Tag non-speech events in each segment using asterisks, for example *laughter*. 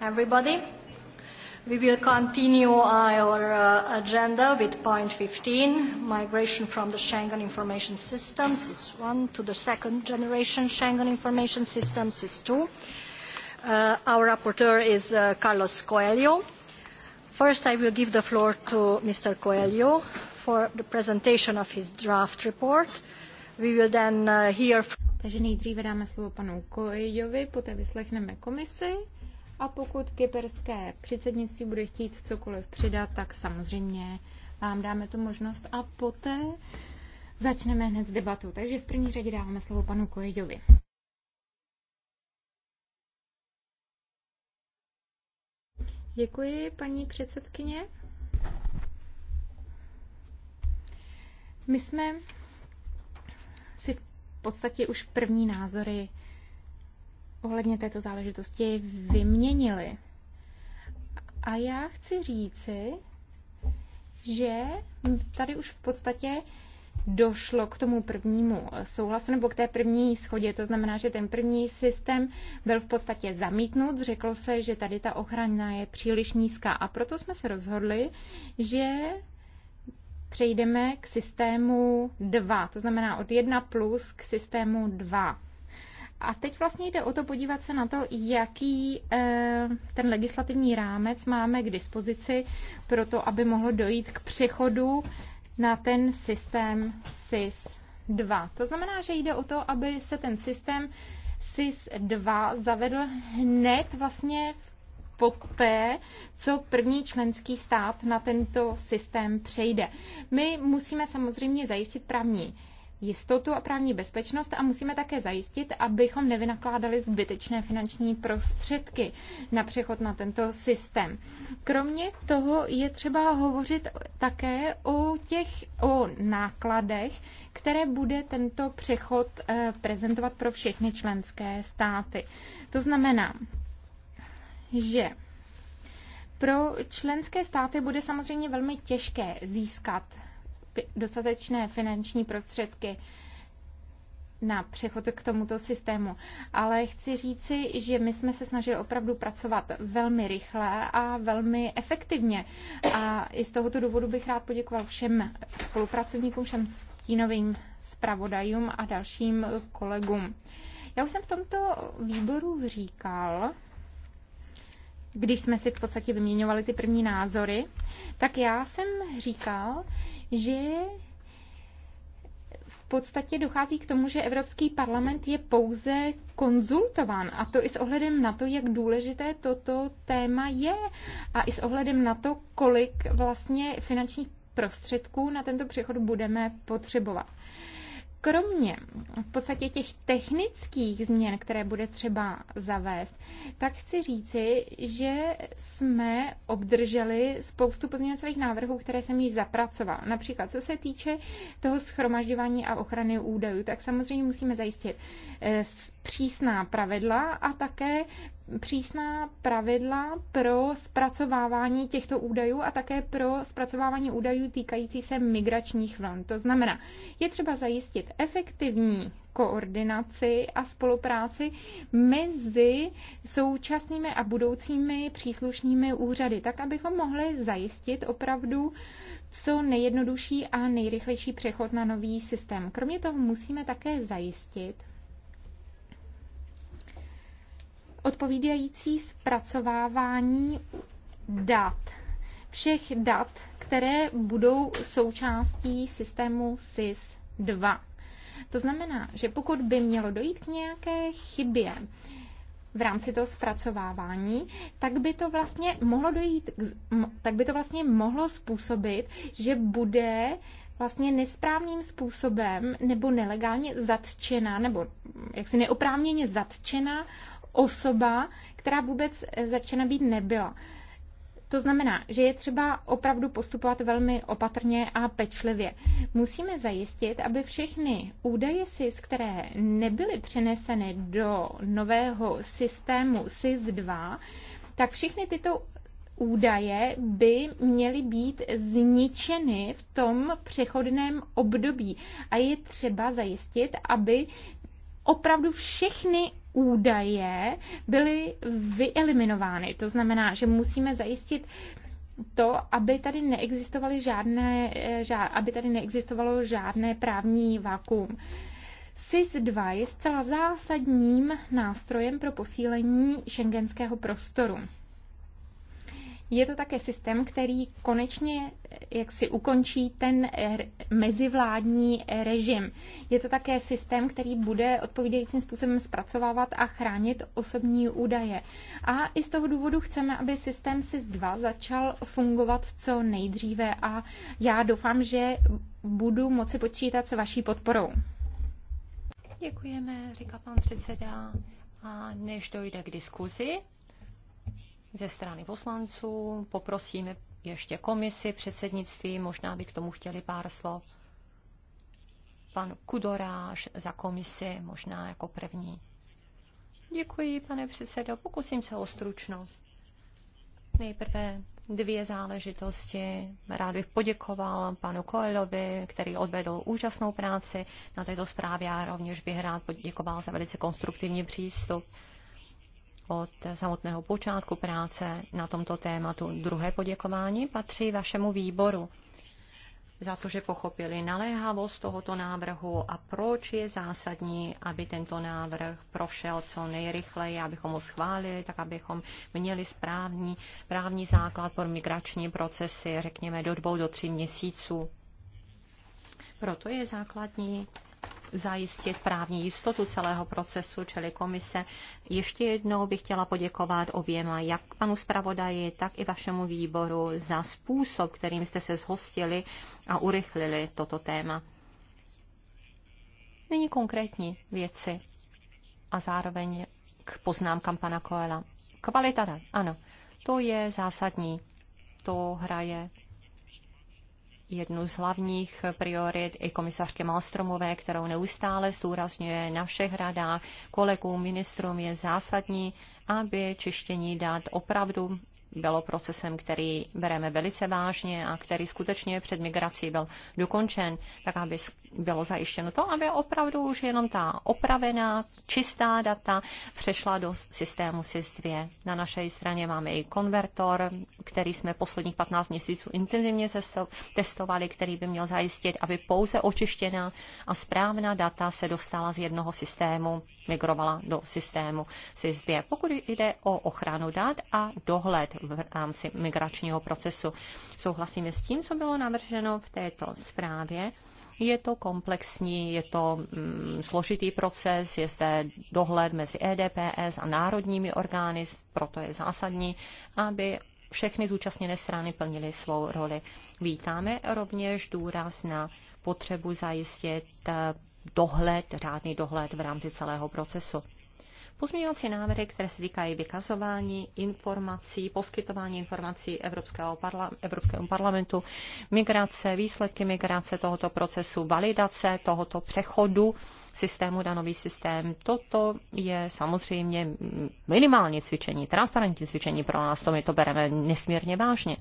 everybody. We will continue our uh, agenda with point 15, migration from the Schengen Information System, SIS-1, to the second generation Schengen Information System, SIS-2. Uh, our rapporteur is uh, Carlos Coelho. First, I will give the floor to Mr. Coelho for the presentation of his draft report. We will then uh, hear... From... Takže nejdříve dáme slovo panu Coelhovi, poté vyslechneme komisi a pokud kyperské předsednictví bude chtít cokoliv přidat, tak samozřejmě vám dáme tu možnost a poté začneme hned s debatu. Takže v první řadě dáváme slovo panu Kojeďovi. Děkuji, paní předsedkyně. My jsme si v podstatě už první názory ohledně této záležitosti vyměnili. A já chci říci, že tady už v podstatě došlo k tomu prvnímu souhlasu nebo k té první schodě. To znamená, že ten první systém byl v podstatě zamítnut. Řeklo se, že tady ta ochrana je příliš nízká a proto jsme se rozhodli, že přejdeme k systému 2. To znamená od 1 plus k systému 2. A teď vlastně jde o to podívat se na to, jaký eh, ten legislativní rámec máme k dispozici pro to, aby mohlo dojít k přechodu na ten systém SIS 2. To znamená, že jde o to, aby se ten systém SIS 2 zavedl hned vlastně poté, co první členský stát na tento systém přejde. My musíme samozřejmě zajistit právní jistotu a právní bezpečnost a musíme také zajistit, abychom nevynakládali zbytečné finanční prostředky na přechod na tento systém. Kromě toho je třeba hovořit také o těch o nákladech, které bude tento přechod eh, prezentovat pro všechny členské státy. To znamená, že pro členské státy bude samozřejmě velmi těžké získat dostatečné finanční prostředky na přechod k tomuto systému. Ale chci říci, že my jsme se snažili opravdu pracovat velmi rychle a velmi efektivně. A i z tohoto důvodu bych rád poděkoval všem spolupracovníkům, všem stínovým zpravodajům a dalším kolegům. Já už jsem v tomto výboru říkal, když jsme si v podstatě vyměňovali ty první názory, tak já jsem říkal, že v podstatě dochází k tomu, že Evropský parlament je pouze konzultován a to i s ohledem na to, jak důležité toto téma je a i s ohledem na to, kolik vlastně finančních prostředků na tento přechod budeme potřebovat kromě v podstatě těch technických změn, které bude třeba zavést, tak chci říci, že jsme obdrželi spoustu pozměňovacích návrhů, které jsem již zapracoval. Například, co se týče toho schromažďování a ochrany údajů, tak samozřejmě musíme zajistit eh, přísná pravidla a také přísná pravidla pro zpracovávání těchto údajů a také pro zpracovávání údajů týkající se migračních vln. To znamená, je třeba zajistit efektivní koordinaci a spolupráci mezi současnými a budoucími příslušnými úřady, tak abychom mohli zajistit opravdu co nejjednodušší a nejrychlejší přechod na nový systém. Kromě toho musíme také zajistit, odpovídající zpracovávání dat. Všech dat, které budou součástí systému SIS 2. To znamená, že pokud by mělo dojít k nějaké chybě v rámci toho zpracovávání, tak by to vlastně mohlo dojít, tak by to vlastně mohlo způsobit, že bude vlastně nesprávným způsobem nebo nelegálně zatčena nebo jaksi neoprávněně zatčena osoba, která vůbec eh, začena být nebyla. To znamená, že je třeba opravdu postupovat velmi opatrně a pečlivě. Musíme zajistit, aby všechny údaje SIS, které nebyly přeneseny do nového systému SIS-2, tak všechny tyto údaje by měly být zničeny v tom přechodném období. A je třeba zajistit, aby opravdu všechny údaje byly vyeliminovány. To znamená, že musíme zajistit to, aby tady neexistovaly žádné, eh, aby tady neexistovalo žádné právní vakuum. SIS-2 je zcela zásadním nástrojem pro posílení šengenského prostoru je to také systém, který konečně jak si ukončí ten mezivládní režim. Je to také systém, který bude odpovídajícím způsobem zpracovávat a chránit osobní údaje. A i z toho důvodu chceme, aby systém SIS-2 začal fungovat co nejdříve a já doufám, že budu moci počítat s vaší podporou. Děkujeme, říká pan předseda. A než dojde k diskuzi, ze strany poslanců. Poprosíme ještě komisi, předsednictví, možná by k tomu chtěli pár slov. Pan Kudoráš za komisi, možná jako první. Děkuji, pane předsedo. Pokusím se o stručnost. Nejprve dvě záležitosti. Rád bych poděkoval panu Koelovi, který odvedl úžasnou práci na této zprávě a rovněž bych rád poděkoval za velice konstruktivní přístup od samotného počátku práce na tomto tématu. Druhé poděkování patří vašemu výboru za to, že pochopili naléhavost tohoto návrhu a proč je zásadní, aby tento návrh prošel co nejrychleji, abychom ho schválili, tak abychom měli správný právní základ pro migrační procesy, řekněme, do dvou, do tří měsíců. Proto je základní zajistit právní jistotu celého procesu, čili komise. Ještě jednou bych chtěla poděkovat oběma, jak panu zpravodaji, tak i vašemu výboru za způsob, kterým jste se zhostili a urychlili toto téma. Nyní konkrétní věci a zároveň k poznámkám pana Koela. Kvalita ano, to je zásadní. To hraje jednu z hlavních priorit i komisařky Malstromové, kterou neustále zdůrazňuje na všech radách kolegům, ministrům je zásadní, aby čištění dát opravdu bylo procesem, který bereme velice vážně a který skutečně před migrací byl dokončen, tak aby bylo zajištěno to, aby opravdu už jenom ta opravená, čistá data přešla do systému SIS-2. Na naší straně máme i konvertor, který jsme posledních 15 měsíců intenzivně testovali, který by měl zajistit, aby pouze očištěná a správná data se dostala z jednoho systému migrovala do systému SIS-2. Pokud jde o ochranu dat a dohled v rámci migračního procesu, souhlasíme s tím, co bylo navrženo v této zprávě. Je to komplexní, je to mm, složitý proces, je zde dohled mezi EDPS a národními orgány, proto je zásadní, aby všechny zúčastněné strany plnily svou roli. Vítáme rovněž důraz na potřebu zajistit dohled, řádný dohled v rámci celého procesu. Pozměňovací návrhy, které se týkají vykazování informací, poskytování informací Evropského parla- Evropskému parlamentu, migrace, výsledky migrace tohoto procesu, validace tohoto přechodu systému na nový systém. Toto je samozřejmě minimálně cvičení, transparentní cvičení pro nás, to my to bereme nesmírně vážně.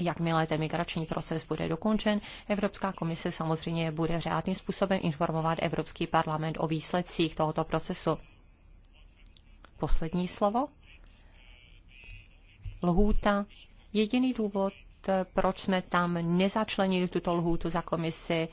Jakmile ten migrační proces bude dokončen, Evropská komise samozřejmě bude řádným způsobem informovat Evropský parlament o výsledcích tohoto procesu. Poslední slovo. Lhůta. Jediný důvod, proč jsme tam nezačlenili tuto lhůtu za komisi,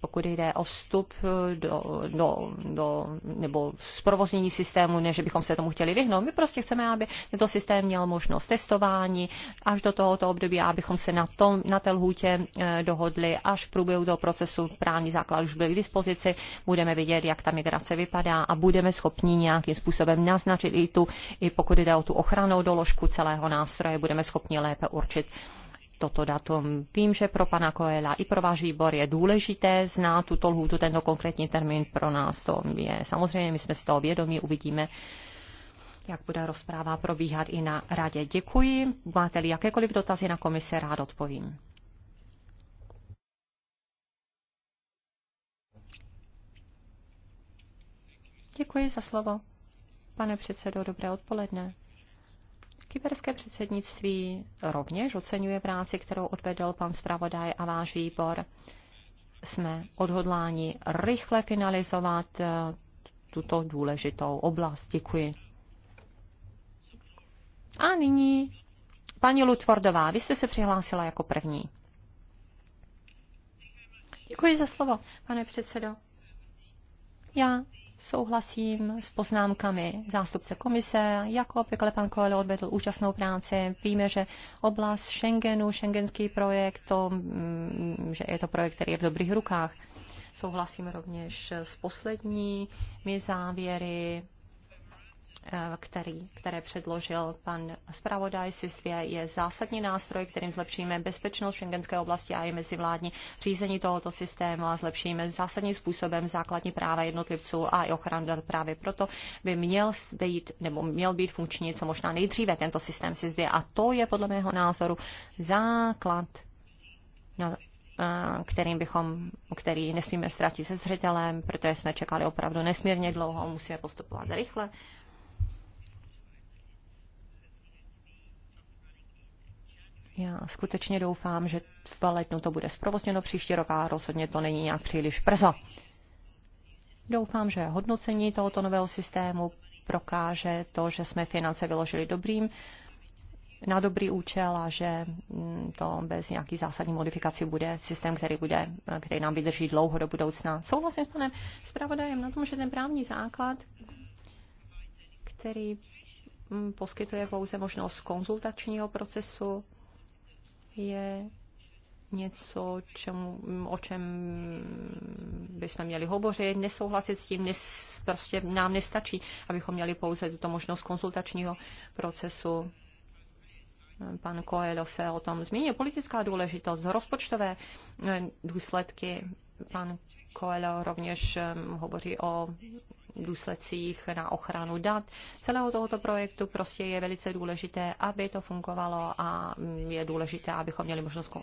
pokud jde o vstup eh, do, do, do, nebo zprovoznění systému, než bychom se tomu chtěli vyhnout. My prostě chceme, aby tento systém měl možnost testování až do tohoto období, abychom se na, tom, na té lhůtě eh, dohodli, až v průběhu toho procesu právní základ už byl k dispozici, budeme vidět, jak ta migrace vypadá a budeme schopni nějakým způsobem naznačit i tu, i pokud jde o tu ochranou doložku celého nástroje, budeme schopni lépe určit, toto datum. Vím, že pro pana Koela i pro váš výbor je důležité znát tuto lhůtu, tento konkrétní termín pro nás to je. Samozřejmě, my jsme si toho vědomí, uvidíme, jak bude rozpráva probíhat i na radě. Děkuji. Máte-li jakékoliv dotazy na komise, rád odpovím. Děkuji za slovo. Pane předsedo, dobré odpoledne. Kyperské předsednictví rovněž oceňuje práci, kterou odvedl pan zpravodaj a váš výbor. Jsme odhodláni rychle finalizovat eh, tuto důležitou oblast. Děkuji. A nyní paní Lutvordová, vy jste se přihlásila jako první. Děkuji za slovo, pane předsedo. Já souhlasím s poznámkami zástupce komise. Jako obvykle pan Koele odvedl úžasnou práci. Víme, že oblast Schengenu, šengenský projekt, to, mm, že je to projekt, který je v dobrých rukách. Souhlasím rovněž s posledními závěry Eh, který, které předložil pan zpravodaj Sistvě je zásadní nástroj, kterým zlepšíme bezpečnost šengenské oblasti a i mezivládní řízení tohoto systému a zlepšíme zásadním způsobem základní práva jednotlivců a i ochranu dat. Právě proto by měl být, nebo měl být funkční co možná nejdříve tento systém Sistvě. a to je podle mého názoru základ na eh, kterým bychom, který nesmíme ztratit se zřetelem, protože jsme čekali opravdu nesmírně dlouho, musíme postupovat rychle Já skutečně doufám, že v lednu to bude zprovozněno příští rok a rozhodně to není nějak příliš brzo. Doufám, že hodnocení tohoto nového systému prokáže to, že jsme finance vyložili dobrým, na dobrý účel a že mm, to bez nějaký zásadní modifikací bude systém, který, bude, který nám vydrží dlouho do budoucna. Souhlasím s panem zpravodajem na tom, že ten právní základ, který mm, poskytuje pouze možnost konzultačního procesu, je něco, čemu, o čem bychom měli hovořit, nesouhlasit s tím, nes, prostě nám nestačí, abychom měli pouze tuto možnost konsultačního procesu. Pan Coelho se o tom zmínil. Politická důležitost, rozpočtové eh, důsledky. Pan Coelho rovněž eh, hovoří o důsledcích na ochranu dat. Celého tohoto projektu prostě je velice důležité, aby to fungovalo a je důležité, abychom měli možnost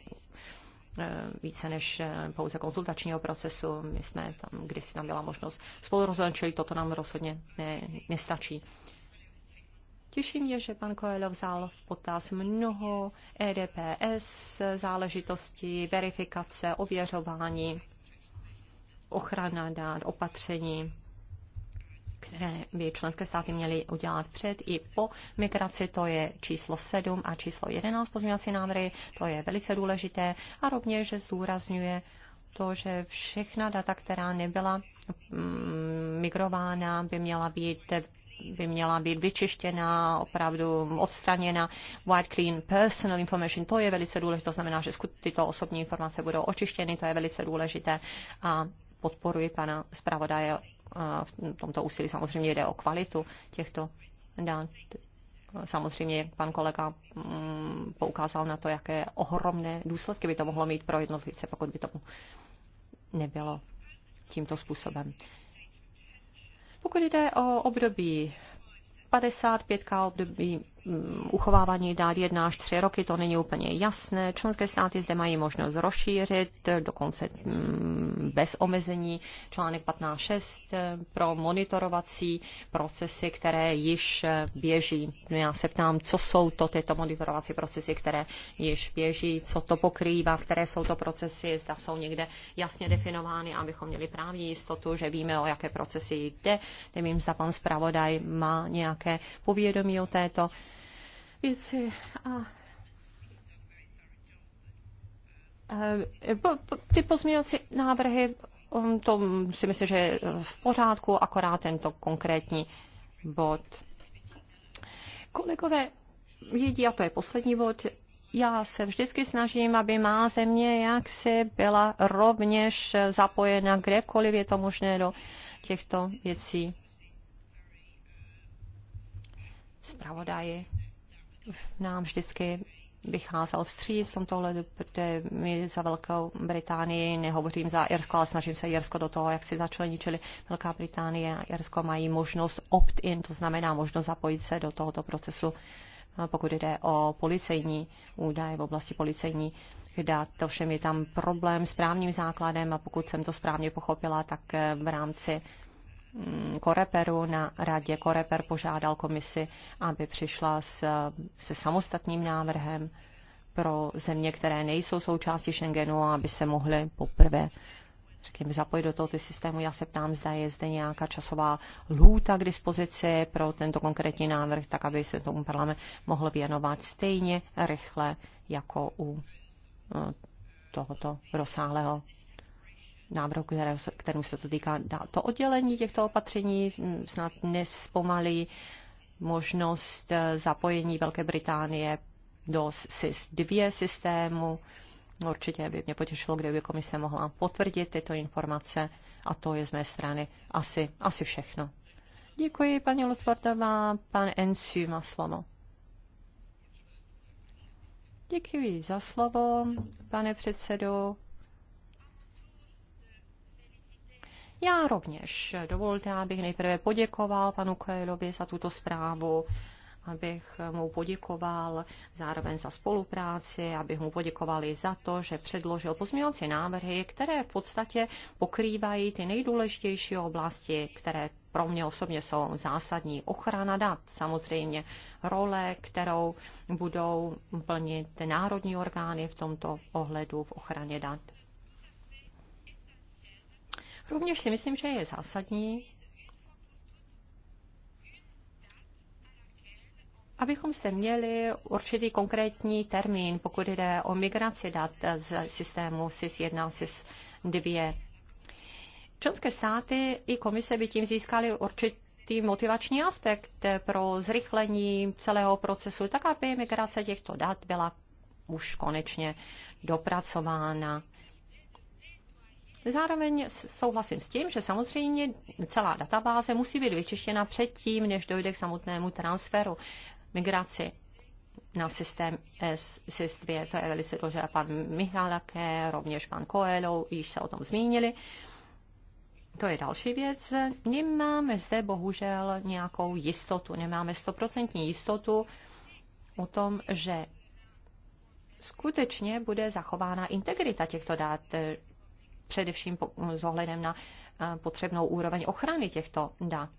eh, více než eh, pouze konzultačního procesu. My jsme tam, kdysi tam byla možnost spolurozhodnout, čili toto nám rozhodně ne, nestačí. Těším je, že pan Coelho vzal v potaz mnoho EDPS záležitosti, verifikace, ověřování, ochrana dát, opatření které by členské státy měly udělat před i po migraci, to je číslo 7 a číslo 11 pozměňovací návrhy, to je velice důležité a rovněž že zdůrazňuje to, že všechna data, která nebyla mm, migrována, by měla být by měla být vyčištěna, opravdu odstraněna. White clean personal information, to je velice důležité, to znamená, že tyto osobní informace budou očištěny, to je velice důležité a podporuji pana zpravodaje a v tomto úsilí samozřejmě jde o kvalitu těchto dát. Samozřejmě pan kolega mm, poukázal na to, jaké ohromné důsledky by to mohlo mít pro jednotlivce, pokud by tomu nebylo tímto způsobem. Pokud jde o období 55 období Mm, uchovávání dát jedna až tři roky, to není úplně jasné. Členské státy zde mají možnost rozšířit, dokonce mm, bez omezení článek 15.6 eh, pro monitorovací procesy, které již eh, běží. No, já se ptám, co jsou to tyto monitorovací procesy, které již běží, co to pokrývá, které jsou to procesy, zda jsou někde jasně definovány, abychom měli právní jistotu, že víme, o jaké procesy jde. Nevím, zda pan zpravodaj má nějaké povědomí o této věci ah, ty pozměňovací návrhy, um, to si myslím, že je v pořádku, akorát tento konkrétní bod. Kolegové vědí, a to je poslední bod, já se vždycky snažím, aby má země jaksi byla rovněž zapojena kdekoliv je to možné do těchto věcí. Zpravodaji nám vždycky vycházel vstříc v tomto hledu, protože my za Velkou Británii nehovořím za Irsko, ale snažím se Irsko do toho, jak si začlenit, čili Velká Británie a Irsko mají možnost opt-in, to znamená možnost zapojit se do tohoto procesu, pokud jde o policejní údaje v oblasti policejní dat. všem je tam problém s právním základem a pokud jsem to správně pochopila, tak v rámci Mm, Koreperu na radě. Koreper požádal komisi, aby přišla s, se samostatným návrhem pro země, které nejsou součástí Schengenu, aby se mohly poprvé řekněme, zapojit do tohoto systému. Já se ptám, zda je zde nějaká časová lhůta k dispozici pro tento konkrétní návrh, tak aby se tomu parlament mohl věnovat stejně rychle jako u eh, tohoto rozsáhlého návrhu, kterému kterým se to týká. To oddělení těchto opatření mm, snad nespomalí možnost eh, zapojení Velké Británie do SIS-2 systému. Určitě by mě potěšilo, kdyby komise mohla potvrdit tyto informace a to je z mé strany asi, asi všechno. Děkuji, paní Lutfordová. Pan Ensu má slovo. Děkuji za slovo, pane předsedo. Já rovněž. Dovolte, abych nejprve poděkoval panu Koelovi za tuto zprávu, abych mu poděkoval zároveň za spolupráci, abych mu poděkoval i za to, že předložil pozměňovací návrhy, které v podstatě pokrývají ty nejdůležitější oblasti, které pro mě osobně jsou zásadní. Ochrana dat, samozřejmě role, kterou budou plnit národní orgány v tomto ohledu v ochraně dat. Rovněž si myslím, že je zásadní, abychom zde měli určitý konkrétní termín, pokud jde o migraci dat z systému SIS-1, SIS-2. Členské státy i komise by tím získaly určitý motivační aspekt pro zrychlení celého procesu, tak aby migrace těchto dat byla už konečně dopracována. Zároveň souhlasím s tím, že samozřejmě celá databáze musí být vyčištěna předtím, než dojde k samotnému transferu migraci na systém SIS-2. To je velice důležité. Pan Michalake, rovněž pan Coelho, již se o tom zmínili. To je další věc. Nemáme zde bohužel nějakou jistotu, nemáme stoprocentní jistotu o tom, že skutečně bude zachována integrita těchto dat, především s ohledem na eh, potřebnou úroveň ochrany těchto dat.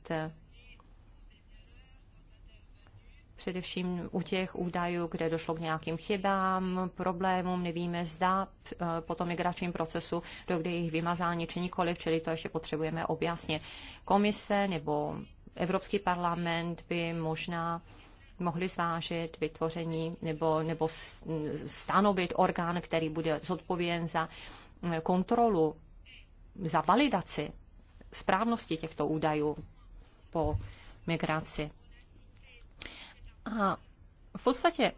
Především u těch údajů, kde došlo k nějakým chybám, problémům, nevíme zda eh, po tom migračním procesu do kdy jejich vymazání či nikoliv, čili to ještě potřebujeme objasnit. Komise nebo Evropský parlament by možná mohli zvážit vytvoření nebo, nebo stanovit orgán, který bude zodpovědný za kontrolu, za validaci správnosti těchto údajů po migraci. A v podstatě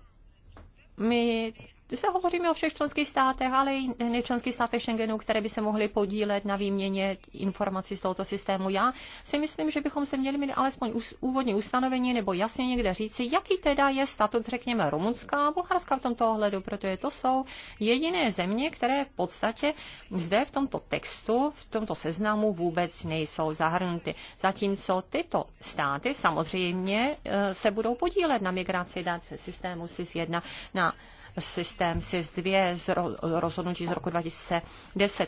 my se hovoříme o všech členských státech, ale i nečlenských státech Schengenu, které by se mohly podílet na výměně informací z tohoto systému. Já si myslím, že bychom se měli mít alespoň úvodní ustanovení nebo jasně někde říci, jaký teda je statut, řekněme, Rumunská a Bulharska v tomto ohledu, protože to jsou jediné země, které v podstatě zde v tomto textu, v tomto seznamu vůbec nejsou zahrnuty. Zatímco tyto státy samozřejmě eh, se budou podílet na migraci dát se systému SIS-1 na systém SIS 2 z rozhodnutí z roku 2010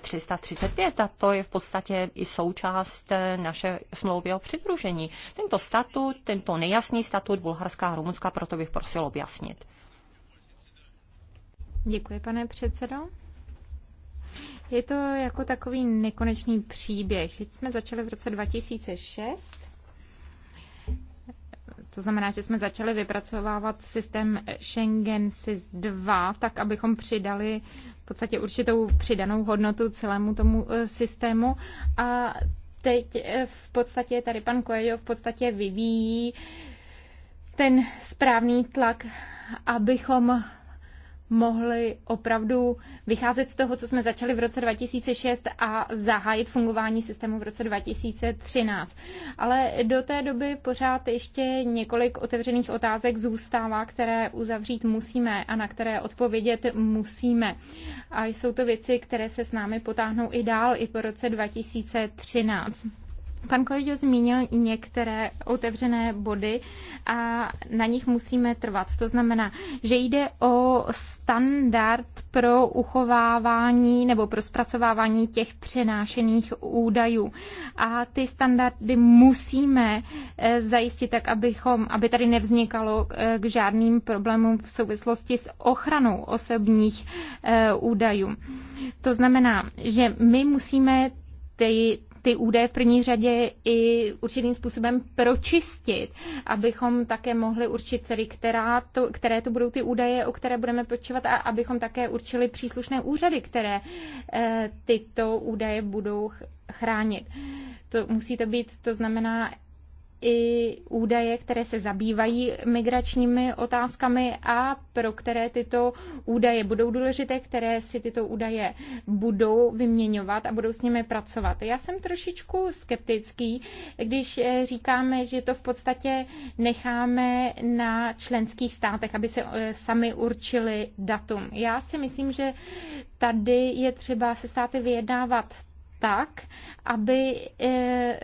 335 a to je v podstatě i součást eh, naše smlouvy o přidružení. Tento statut, tento nejasný statut Bulharská a Rumunská, proto bych prosil objasnit. Děkuji, pane předsedo. Je to jako takový nekonečný příběh. Když jsme začali v roce 2006, to znamená, že jsme začali vypracovávat systém Schengen SIS 2, tak abychom přidali v podstatě určitou přidanou hodnotu celému tomu e, systému. A teď e, v podstatě tady pan Kojejo v podstatě vyvíjí ten správný tlak, abychom mohli opravdu vycházet z toho, co jsme začali v roce 2006 a zahájit fungování systému v roce 2013. Ale do té doby pořád ještě několik otevřených otázek zůstává, které uzavřít musíme a na které odpovědět musíme. A jsou to věci, které se s námi potáhnou i dál, i po roce 2013. Pan Kojo zmínil některé otevřené body a na nich musíme trvat. To znamená, že jde o standard pro uchovávání nebo pro zpracovávání těch přenášených údajů. A ty standardy musíme eh, zajistit tak, abychom, aby tady nevznikalo eh, k žádným problémům v souvislosti s ochranou osobních eh, údajů. To znamená, že my musíme ty, ty údaje v první řadě i určitým způsobem pročistit, abychom také mohli určit, tedy která to, které to budou ty údaje, o které budeme počívat a abychom také určili příslušné úřady, které eh, tyto údaje budou chránit. To musí to být, to znamená i údaje, které se zabývají migračními otázkami a pro které tyto údaje budou důležité, které si tyto údaje budou vyměňovat a budou s nimi pracovat. Já jsem trošičku skeptický, když eh, říkáme, že to v podstatě necháme na členských státech, aby se eh, sami určili datum. Já si myslím, že tady je třeba se státy vyjednávat tak, aby eh,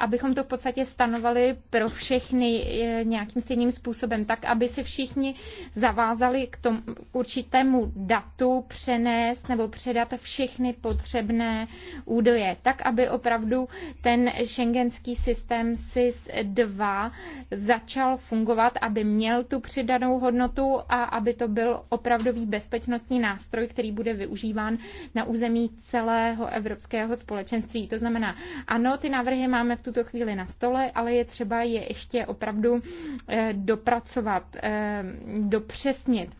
abychom to v podstatě stanovali pro všechny eh, nějakým stejným způsobem, tak aby se všichni zavázali k, tomu, k určitému datu přenést nebo předat všechny potřebné údaje, tak aby opravdu ten šengenský systém SIS-2 začal fungovat, aby měl tu přidanou hodnotu a aby to byl opravdový bezpečnostní nástroj, který bude využíván na území celého evropského společenství. To znamená, ano, ty návrhy máme v tu tuto chvíli na stole, ale je třeba je ještě opravdu eh, dopracovat, eh, dopřesnit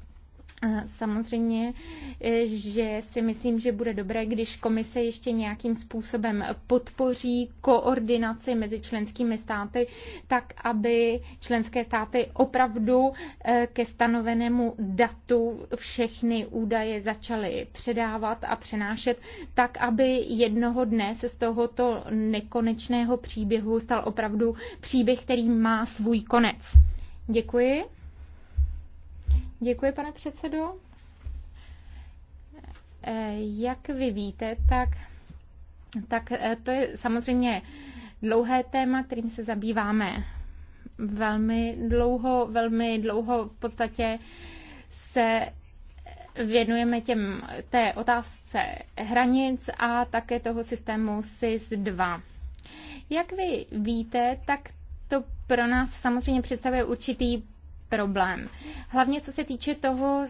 samozřejmě, eh, že si myslím, že bude dobré, když komise ještě nějakým způsobem podpoří koordinaci mezi členskými státy, tak aby členské státy opravdu eh, ke stanovenému datu všechny údaje začaly předávat a přenášet, tak aby jednoho dne se z tohoto nekonečného příběhu stal opravdu příběh, který má svůj konec. Děkuji. Děkuji, pane předsedo. Eh, jak vy víte, tak, tak eh, to je samozřejmě dlouhé téma, kterým se zabýváme velmi dlouho, velmi dlouho v podstatě se věnujeme těm, té otázce hranic a také toho systému SIS-2. Jak vy víte, tak to pro nás samozřejmě představuje určitý problém. Hlavně co se týče toho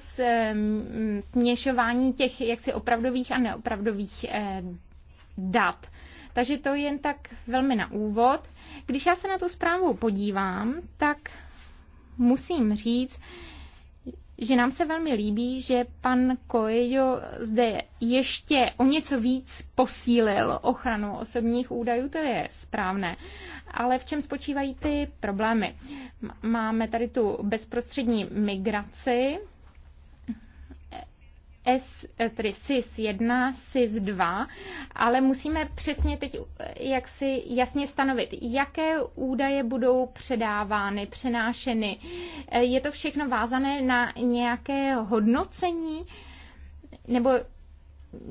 mm, směšování těch jaksi opravdových a neopravdových eh, dat. Takže to jen tak velmi na úvod. Když já se na tu zprávu podívám, tak musím říct, že nám se velmi líbí, že pan Coelho zde ještě o něco víc posílil ochranu osobních údajů, to je správné. Ale v čem spočívají ty problémy? Máme tady tu bezprostřední migraci, s, eh, tedy SIS 1, SIS 2, ale musíme přesně teď eh, jak si jasně stanovit, jaké údaje budou předávány, přenášeny. Eh, je to všechno vázané na nějaké hodnocení? Nebo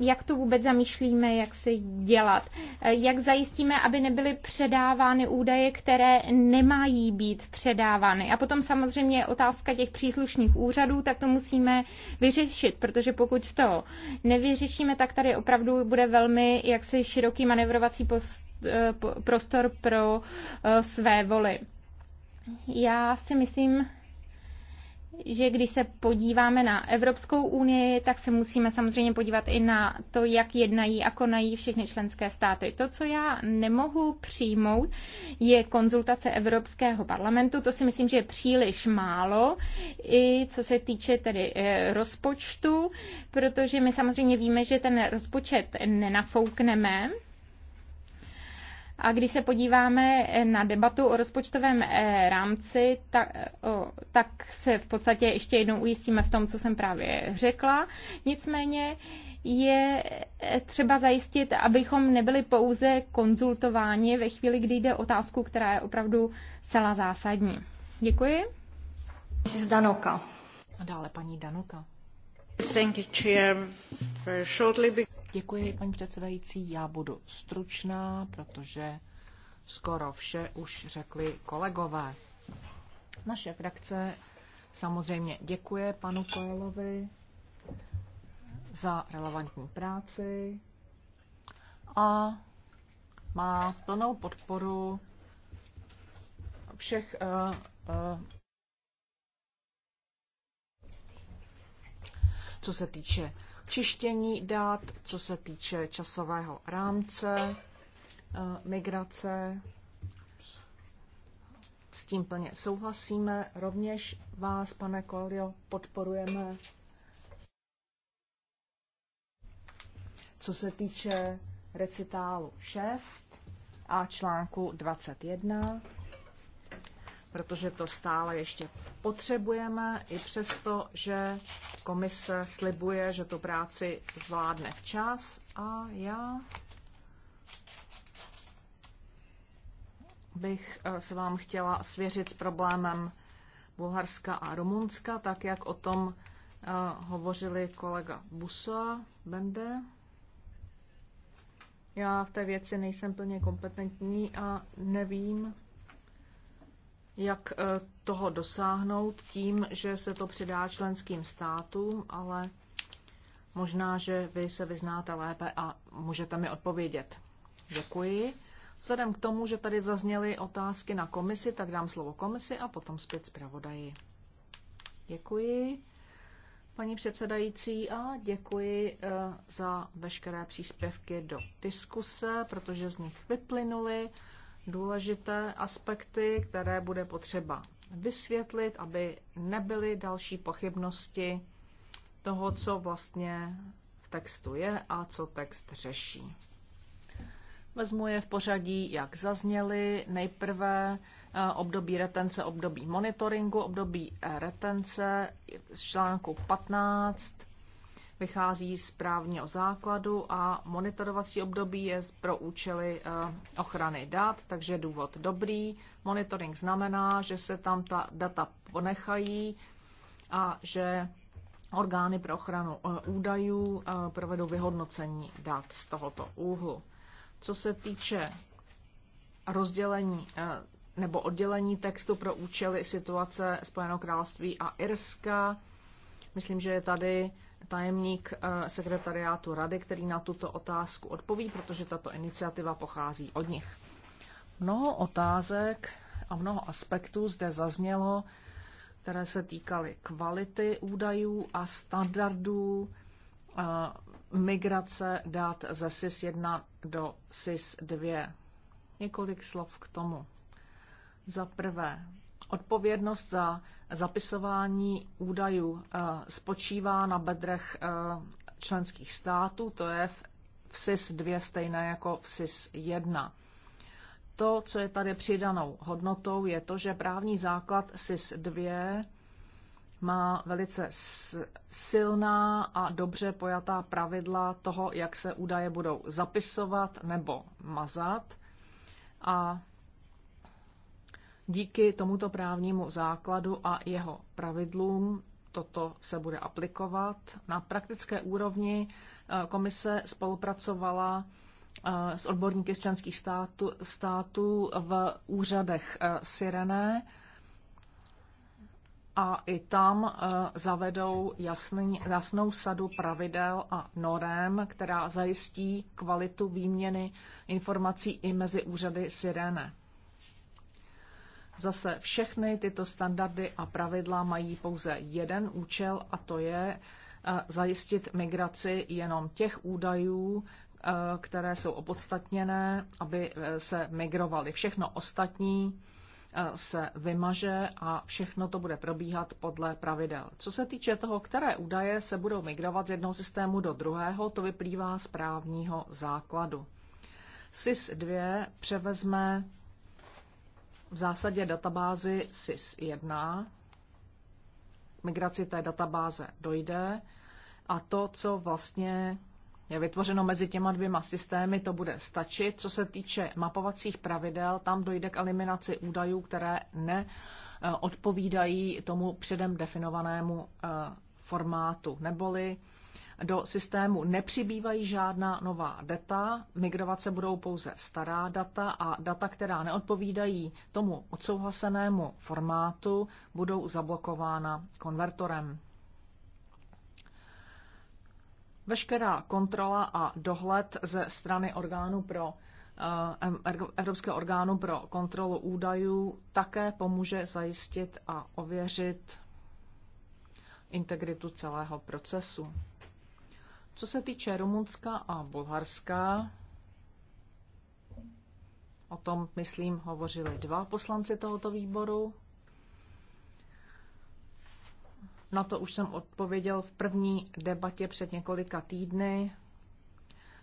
jak to vůbec zamýšlíme, jak se dělat, eh, jak zajistíme, aby nebyly předávány údaje, které nemají být předávány. A potom samozřejmě otázka těch příslušných úřadů, tak to musíme vyřešit, protože pokud to nevyřešíme, tak tady opravdu bude velmi jaksi široký manevrovací eh, prostor pro eh, své voly. Já si myslím, že když se podíváme na Evropskou unii, tak se musíme samozřejmě podívat i na to, jak jednají a konají všechny členské státy. To, co já nemohu přijmout, je konzultace Evropského parlamentu. To si myslím, že je příliš málo, i co se týče tedy eh, rozpočtu, protože my samozřejmě víme, že ten rozpočet nenafoukneme, a když se podíváme eh, na debatu o rozpočtovém eh, rámci, tak, eh, o, tak se v podstatě ještě jednou ujistíme v tom, co jsem právě řekla. Nicméně je třeba zajistit, abychom nebyli pouze konzultováni ve chvíli, kdy jde otázku, která je opravdu celá zásadní. Děkuji. Mrs. Danoka. A dále paní Danoka. Thank you, Chair. Very shortly, because... Děkuji, paní předsedající. Já budu stručná, protože skoro vše už řekli kolegové. Naše frakce samozřejmě děkuje panu Koelovi za relevantní práci a má plnou podporu všech uh, uh, co se týče čištění dát, co se týče časového rámce, eh, migrace. S tím plně souhlasíme. Rovněž vás, pane Kolio, podporujeme. Co se týče recitálu 6 a článku 21, protože to stále ještě potřebujeme i přesto, že komise slibuje, že tu práci zvládne včas a já bych eh, se vám chtěla svěřit s problémem Bulharska a Rumunska, tak jak o tom eh, hovořili kolega Busa Bende. Já v té věci nejsem plně kompetentní a nevím, jak eh, toho dosáhnout tím, že se to přidá členským státům, ale možná, že vy se vyznáte lépe a můžete mi odpovědět. Děkuji. Vzhledem k tomu, že tady zazněly otázky na komisi, tak dám slovo komisi a potom zpět zpravodaji. Děkuji, paní předsedající, a děkuji eh, za veškeré příspěvky do diskuse, protože z nich vyplynuly důležité aspekty, které bude potřeba vysvětlit, aby nebyly další pochybnosti toho, co vlastně v textu je a co text řeší. Vezmu je v pořadí, jak zazněly. Nejprve eh, období retence, období monitoringu, období retence z článku 15 vychází z právního základu a monitorovací období je pro účely eh, ochrany dat, takže důvod dobrý. Monitoring znamená, že se tam ta data ponechají a že orgány pro ochranu eh, údajů eh, provedou vyhodnocení dat z tohoto úhlu. Co se týče rozdělení nebo oddělení textu pro účely situace Spojeného království a Irska, myslím, že je tady tajemník eh, sekretariátu rady, který na tuto otázku odpoví, protože tato iniciativa pochází od nich. Mnoho otázek a mnoho aspektů zde zaznělo, které se týkaly kvality údajů a standardů eh, migrace dát ze SIS 1 do SIS 2. Několik slov k tomu. Za prvé, Odpovědnost za zapisování údajů eh, spočívá na bedrech eh, členských států, to je v SIS 2 stejné jako v SIS 1. To, co je tady přidanou hodnotou, je to, že právní základ SIS 2 má velice silná a dobře pojatá pravidla toho, jak se údaje budou zapisovat nebo mazat. A Díky tomuto právnímu základu a jeho pravidlům toto se bude aplikovat. Na praktické úrovni eh, komise spolupracovala eh, s odborníky z členských států, států v úřadech eh, Sirené a i tam zavedou jasný, jasnou sadu pravidel a norem, která zajistí kvalitu výměny informací i mezi úřady Sirené. Zase všechny tyto standardy a pravidla mají pouze jeden účel a to je eh, zajistit migraci jenom těch údajů, eh, které jsou opodstatněné, aby eh, se migrovali. Všechno ostatní se vymaže a všechno to bude probíhat podle pravidel. Co se týče toho, které údaje se budou migrovat z jednoho systému do druhého, to vyplývá z právního základu. SIS-2 převezme v zásadě databázi SIS-1. K migraci té databáze dojde a to, co vlastně je vytvořeno mezi těma dvěma systémy, to bude stačit. Co se týče mapovacích pravidel, tam dojde k eliminaci údajů, které neodpovídají eh, tomu předem definovanému eh, formátu. Neboli do systému nepřibývají žádná nová data, migrovat se budou pouze stará data a data, která neodpovídají tomu odsouhlasenému formátu, budou zablokována konvertorem. Veškerá kontrola a dohled ze strany orgánu pro eh, Evropského orgánu pro kontrolu údajů také pomůže zajistit a ověřit integritu celého procesu. Co se týče Rumunska a Bulharska, o tom, myslím, hovořili dva poslanci tohoto výboru. Na to už jsem odpověděl v první debatě před několika týdny.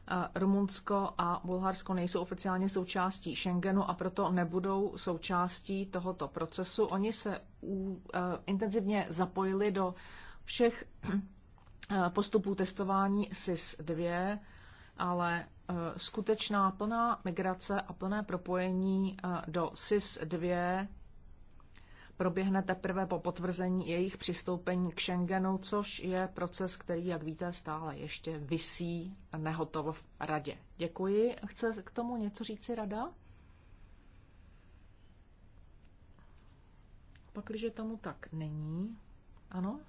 Eh, Rumunsko a Bulharsko nejsou oficiálně součástí Schengenu a proto nebudou součástí tohoto procesu. Oni se eh, intenzivně zapojili do všech Eh, postupů testování SIS-2, ale eh, skutečná plná migrace a plné propojení eh, do SIS-2 proběhne teprve po potvrzení jejich přistoupení k Schengenu, což je proces, který, jak víte, stále ještě visí nehotovo v radě. Děkuji. Chce k tomu něco říci rada? Pakliže tomu tak není. Ano?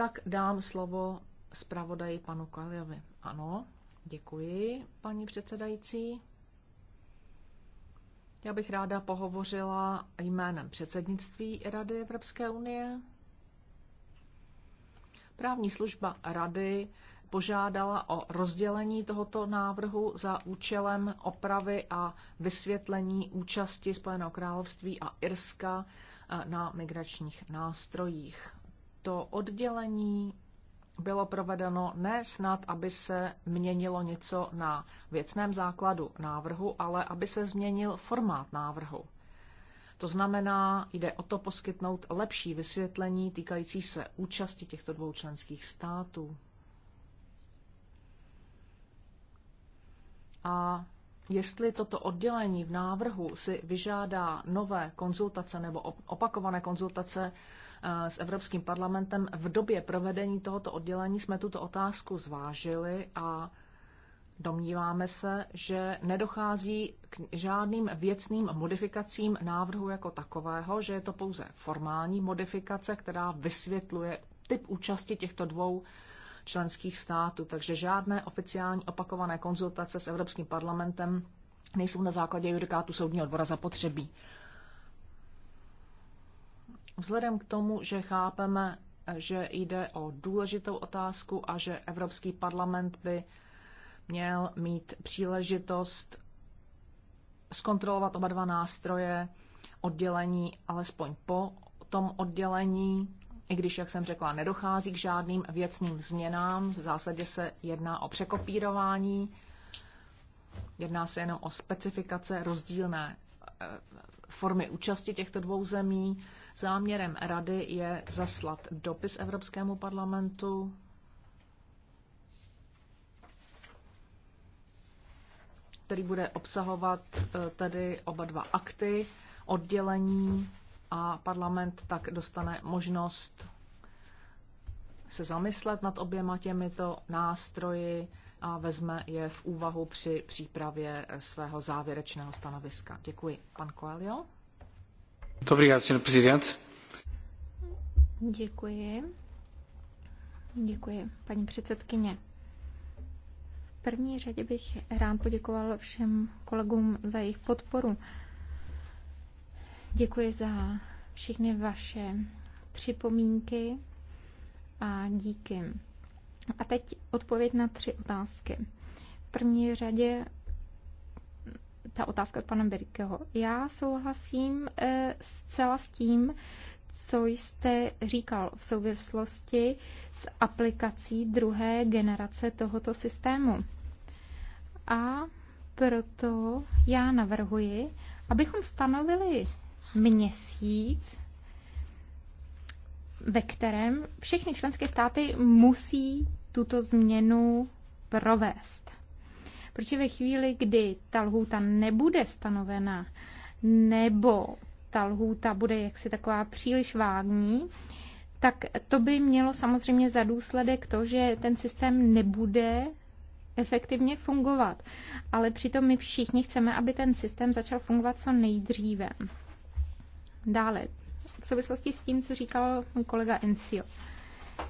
tak dám slovo zpravodaji panu Kaljovi. Ano, děkuji, paní předsedající. Já bych ráda pohovořila jménem předsednictví Rady Evropské unie. Právní služba Rady požádala o rozdělení tohoto návrhu za účelem opravy a vysvětlení účasti Spojeného království a Irska eh, na migračních nástrojích to oddělení bylo provedeno ne snad, aby se měnilo něco na věcném základu návrhu, ale aby se změnil formát návrhu. To znamená, jde o to poskytnout lepší vysvětlení týkající se účasti těchto dvou členských států. A jestli toto oddělení v návrhu si vyžádá nové konzultace nebo opakované konzultace Eh, s Evropským parlamentem. V době provedení tohoto oddělení jsme tuto otázku zvážili a domníváme se, že nedochází k žádným věcným modifikacím návrhu jako takového, že je to pouze formální modifikace, která vysvětluje typ účasti těchto dvou členských států. Takže žádné oficiální opakované konzultace s Evropským parlamentem nejsou na základě judikátu Soudního dvora zapotřebí. Vzhledem k tomu, že chápeme, že jde o důležitou otázku a že Evropský parlament by měl mít příležitost zkontrolovat oba dva nástroje oddělení, alespoň po tom oddělení, i když, jak jsem řekla, nedochází k žádným věcným změnám, v zásadě se jedná o překopírování, jedná se jenom o specifikace rozdílné eh, formy účasti těchto dvou zemí, Záměrem Rady je zaslat dopis Evropskému parlamentu který bude obsahovat e, tedy oba dva akty, oddělení a parlament tak dostane možnost se zamyslet nad oběma těmito nástroji a vezme je v úvahu při přípravě svého závěrečného stanoviska. Děkuji. Pan Coelho? Obrigado, senhor presidente. Děkuji. Děkuji, paní předsedkyně. V první řadě bych rád poděkoval všem kolegům za jejich podporu. Děkuji za všechny vaše připomínky a díky. A teď odpověď na tři otázky. V první řadě ta otázka od pana Berikeho. Já souhlasím eh, zcela s tím, co jste říkal v souvislosti s aplikací druhé generace tohoto systému. A proto já navrhuji, abychom stanovili měsíc, ve kterém všechny členské státy musí tuto změnu provést. Protože ve chvíli, kdy ta lhůta nebude stanovena, nebo ta lhůta bude jaksi taková příliš vágní, tak to by mělo samozřejmě za důsledek to, že ten systém nebude efektivně fungovat. Ale přitom my všichni chceme, aby ten systém začal fungovat co nejdříve. Dále, v souvislosti s tím, co říkal můj kolega Encio?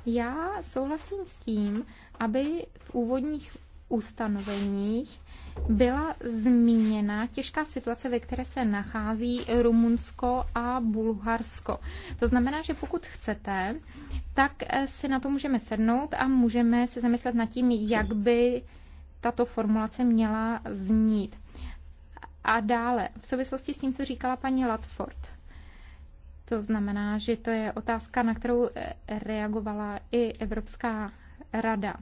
Já souhlasím s tím, aby v úvodních ustanoveních byla zmíněna těžká situace, ve které se nachází Rumunsko a Bulharsko. To znamená, že pokud chcete, tak eh, si na to můžeme sednout a můžeme se zamyslet nad tím, jak by tato formulace měla znít. A dále, v souvislosti s tím, co říkala paní Latford, to znamená, že to je otázka, na kterou eh, reagovala i Evropská rada.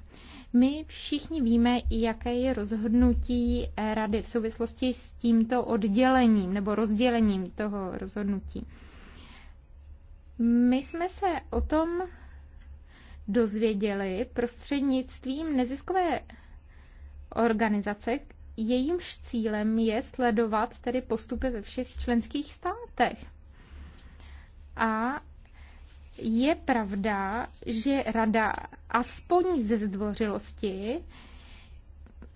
My všichni víme, jaké je rozhodnutí rady v souvislosti s tímto oddělením nebo rozdělením toho rozhodnutí. My jsme se o tom dozvěděli prostřednictvím neziskové organizace, jejímž cílem je sledovat tedy postupy ve všech členských státech. A je pravda, že rada aspoň ze zdvořilosti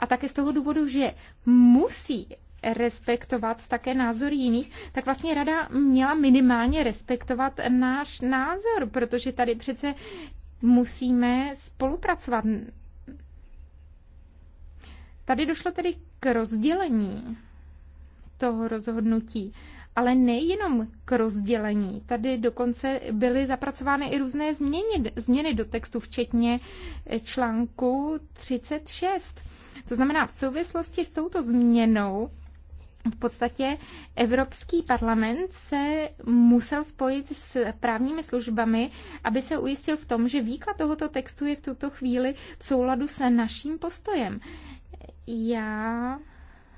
a také z toho důvodu, že musí respektovat také názor jiných, tak vlastně rada měla minimálně respektovat náš názor, protože tady přece musíme spolupracovat. Tady došlo tedy k rozdělení toho rozhodnutí ale nejenom k rozdělení. Tady dokonce byly zapracovány i různé změny, změny do textu, včetně eh, článku 36. To znamená, v souvislosti s touto změnou v podstatě Evropský parlament se musel spojit s právními službami, aby se ujistil v tom, že výklad tohoto textu je v tuto chvíli v souladu se naším postojem. Já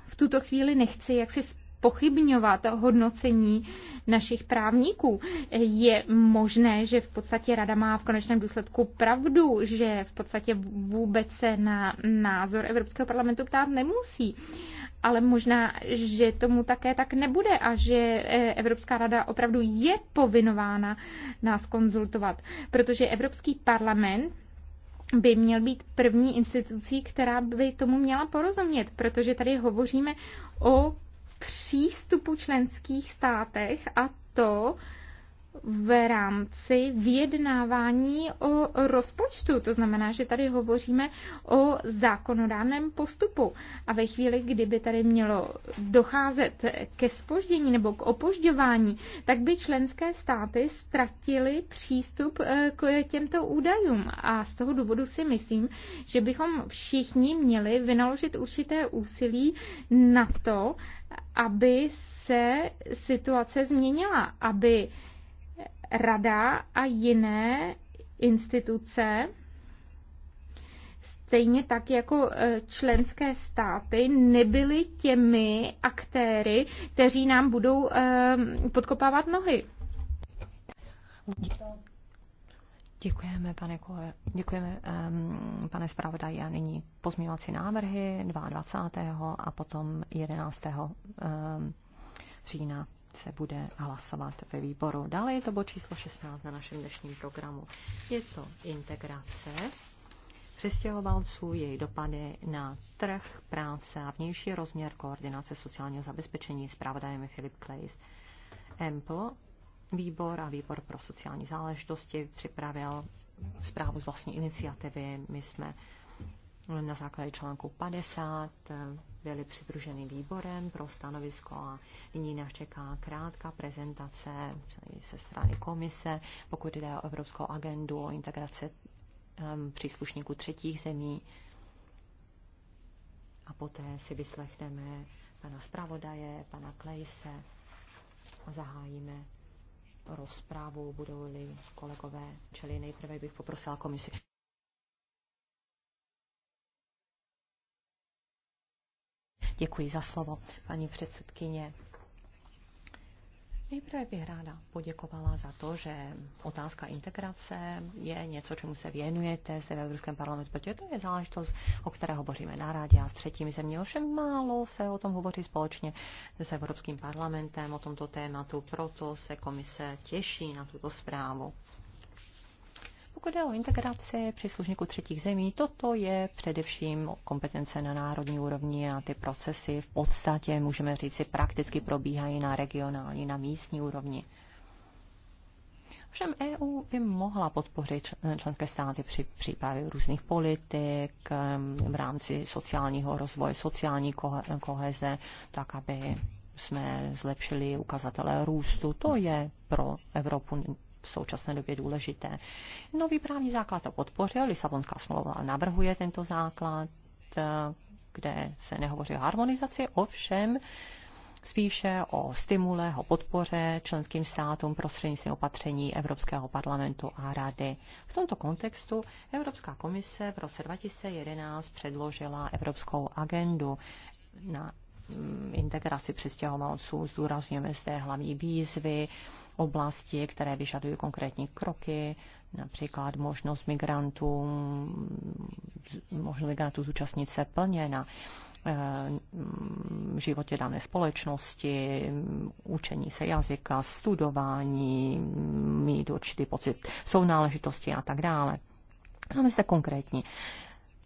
v tuto chvíli nechci jaksi spochybňovat hodnocení našich právníků. Je možné, že v podstatě rada má v konečném důsledku pravdu, že v podstatě vůbec se na názor Evropského parlamentu ptát nemusí ale možná, že tomu také tak nebude a že eh, Evropská rada opravdu je povinována nás konzultovat, protože Evropský parlament by měl být první institucí, která by tomu měla porozumět, protože tady hovoříme o přístupu členských státech a to, v rámci vyjednávání o rozpočtu. To znamená, že tady hovoříme o zákonodárném postupu. A ve chvíli, kdyby tady mělo docházet ke spoždění nebo k opožďování, tak by členské státy ztratily přístup eh, k těmto údajům. A z toho důvodu si myslím, že bychom všichni měli vynaložit určité úsilí na to, aby se situace změnila, aby rada a jiné instituce, stejně tak jako e, členské státy, nebyly těmi aktéry, kteří nám budou e, podkopávat nohy. Děkujeme, pane, děkujeme, um, pane zpravodaji. A nyní pozměňovací návrhy 22. a potom 11. Um, října se bude hlasovat ve výboru. Dále je to bod číslo 16 na našem dnešním programu. Je to integrace přistěhovalců, její dopady na trh, práce a vnější rozměr koordinace sociálního zabezpečení. s je Filip Klejs. EMPL, výbor a výbor pro sociální záležitosti připravil zprávu z vlastní iniciativy. My jsme na základě článku 50 byli přidruženy výborem pro stanovisko a nyní nás čeká krátká prezentace se strany komise, pokud jde o evropskou agendu, o integraci um, příslušníků třetích zemí. A poté si vyslechneme pana zpravodaje, pana Klejse a zahájíme rozprávu, budou-li kolegové, čeli. nejprve bych poprosila komisi. Děkuji za slovo, paní předsedkyně. Nejprve bych ráda poděkovala za to, že otázka integrace je něco, čemu se věnujete zde v Evropském parlamentu, protože to je záležitost, o které hovoříme na rádě a s třetími zeměmi. Ovšem málo se o tom hovoří společně s Evropským parlamentem o tomto tématu, proto se komise těší na tuto zprávu. Pokud je o integraci příslušníků třetích zemí, toto je především kompetence na národní úrovni a ty procesy v podstatě, můžeme říct, si prakticky probíhají na regionální, na místní úrovni. Všem EU by mohla podpořit členské státy při přípravě různých politik v rámci sociálního rozvoje, sociální koheze, tak aby jsme zlepšili ukazatele růstu. To je pro Evropu v současné době důležité. Nový právní základ to podpořil, Lisabonská smlouva navrhuje tento základ, kde se nehovoří o harmonizaci, ovšem spíše o stimule, o podpoře členským státům prostřednictvím opatření Evropského parlamentu a Rady. V tomto kontextu Evropská komise v roce 2011 předložila Evropskou agendu na integraci přistěhovalců, zdůrazňujeme zde hlavní výzvy, oblasti, které vyžadují konkrétní kroky, například možnost migrantů, možnost migrantů zúčastnit se plně na v eh, životě dané společnosti, učení se jazyka, studování, mít určitý pocit sounáležitosti a tak dále. Máme zde konkrétní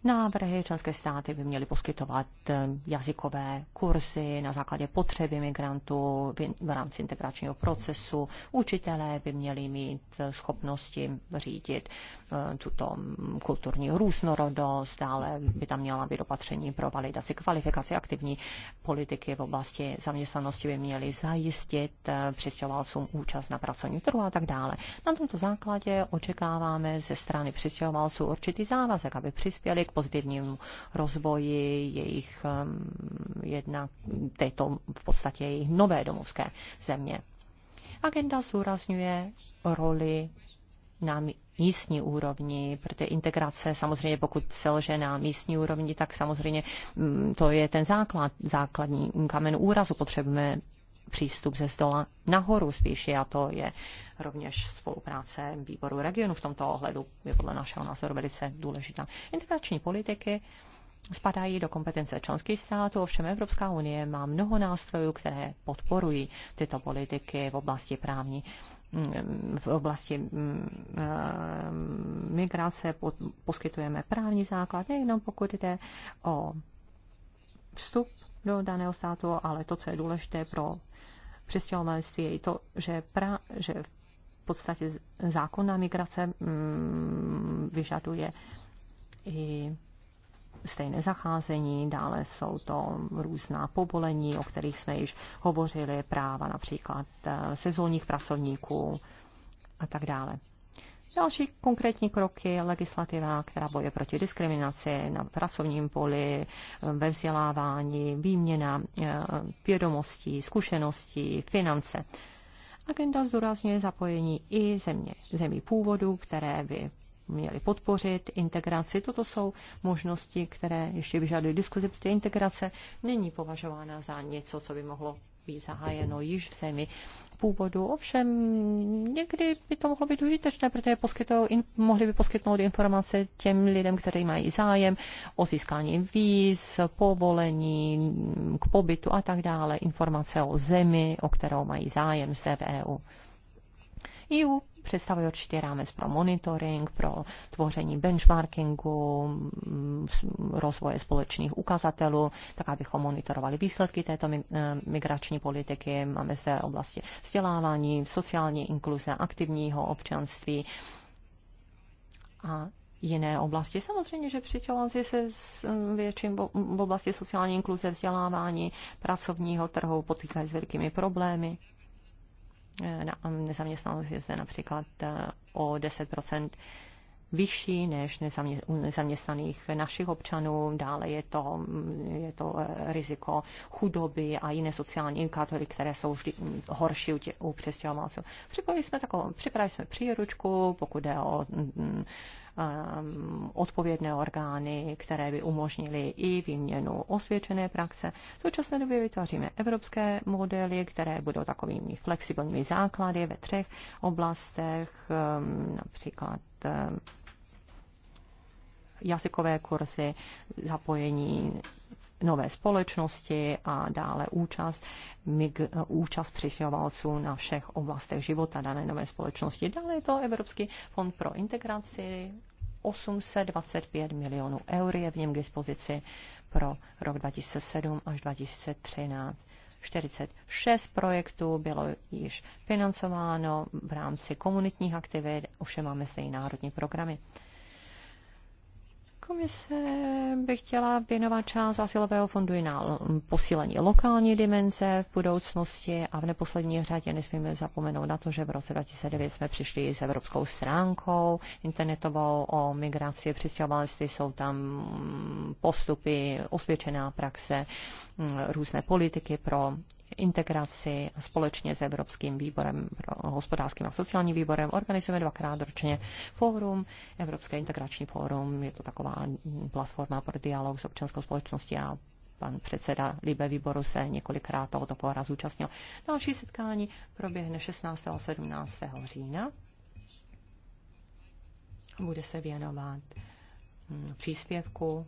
návrhy. Členské státy by měly poskytovat eh, jazykové kurzy na základě potřeby migrantů v rámci integračního procesu. Učitelé by měli mít eh, schopnosti řídit eh, tuto mm, kulturní různorodost, dále by tam měla být opatření pro validaci kvalifikace aktivní politiky v oblasti zaměstnanosti by měly zajistit přistěhovalcům účast na pracovní trhu a tak dále. Na tomto základě očekáváme ze strany přistěhovalců určitý závazek, aby přispěli k pozitivnímu rozvoji jejich um, jedna této v podstatě jejich nové domovské země. Agenda zúrazňuje roli na místní úrovni, protože integrace samozřejmě, pokud selže na místní úrovni, tak samozřejmě mm, to je ten základ, základní kámen úrazu. Potřebujeme přístup ze stola nahoru spíše a to je rovněž spolupráce výboru regionu v tomto ohledu, je podle našeho názoru velice důležitá. Integrační politiky spadají do kompetence členských států, ovšem Evropská unie má mnoho nástrojů, které podporují tyto politiky v oblasti právní v oblasti mm, eh, migrace poskytujeme právní základ, nejenom pokud jde o vstup do daného státu, ale to, co je důležité pro přistěhovalství je i to, že, pra, že v podstatě zákonná migrace mm, vyžaduje i stejné zacházení, dále jsou to různá povolení, o kterých jsme již hovořili, práva například eh, sezónních pracovníků a tak dále. Další konkrétní kroky legislativa, která boje proti diskriminaci na pracovním poli, ve vzdělávání, výměna eh, vědomostí, zkušeností, finance. Agenda zdůrazňuje zapojení i země, zemí původu, které by měli podpořit integraci. Toto jsou možnosti, které ještě vyžadují diskuzi, protože integrace není považována za něco, co by mohlo být zahájeno již v zemi původu. Ovšem, někdy by to mohlo být užitečné, protože in, mohli by poskytnout informace těm lidem, kteří mají zájem o získání víz, povolení k pobytu a tak dále, informace o zemi, o kterou mají zájem zde v EU. EU představuje určitě rámec pro monitoring, pro tvoření benchmarkingu, mm, rozvoje společných ukazatelů, tak abychom monitorovali výsledky této eh, migrační politiky. Máme zde oblasti vzdělávání, sociální inkluze, aktivního občanství a jiné oblasti. Samozřejmě, že přičovací se s mm, větším v oblasti sociální inkluze, vzdělávání, pracovního trhu potýkají s velkými problémy. Eh, mm, nezaměstnanost je zde například eh, o 10 vyšší než u nezaměstnaných našich občanů. Dále je to, mm, je to eh, riziko chudoby a jiné sociální indikátory, které jsou vždy mm, horší u, tě, u přestěhovalců. Připravili jsme, takovou, připravili jsme příručku, pokud jde o Um, odpovědné orgány, které by umožnily i výměnu osvědčené praxe. V současné době vytváříme evropské modely, které budou takovými flexibilními základy ve třech oblastech, um, například um, jazykové kurzy, zapojení nové společnosti a dále účast, mig, účast přistěhovalců na všech oblastech života dané nové společnosti. Dále je to Evropský fond pro integraci 825 milionů eur je v něm k dispozici pro rok 2007 až 2013. 46 projektů bylo již financováno v rámci komunitních aktivit, ovšem máme zde i národní programy. Komise by chtěla věnovat část asilového fondu i na posílení lokální dimenze v budoucnosti a v neposlední řadě nesmíme zapomenout na to, že v roce 2009 jsme přišli s evropskou stránkou internetovou o migraci, přistěhovalství, jsou tam postupy, osvědčená praxe, různé politiky pro integraci společně s Evropským výborem, hospodářským a sociálním výborem. Organizujeme dvakrát ročně fórum, Evropské integrační fórum, je to taková platforma pro dialog s občanskou společností a pan předseda Libe výboru se několikrát tohoto pohra zúčastnil. Další setkání proběhne 16. a 17. října. Bude se věnovat mm, příspěvku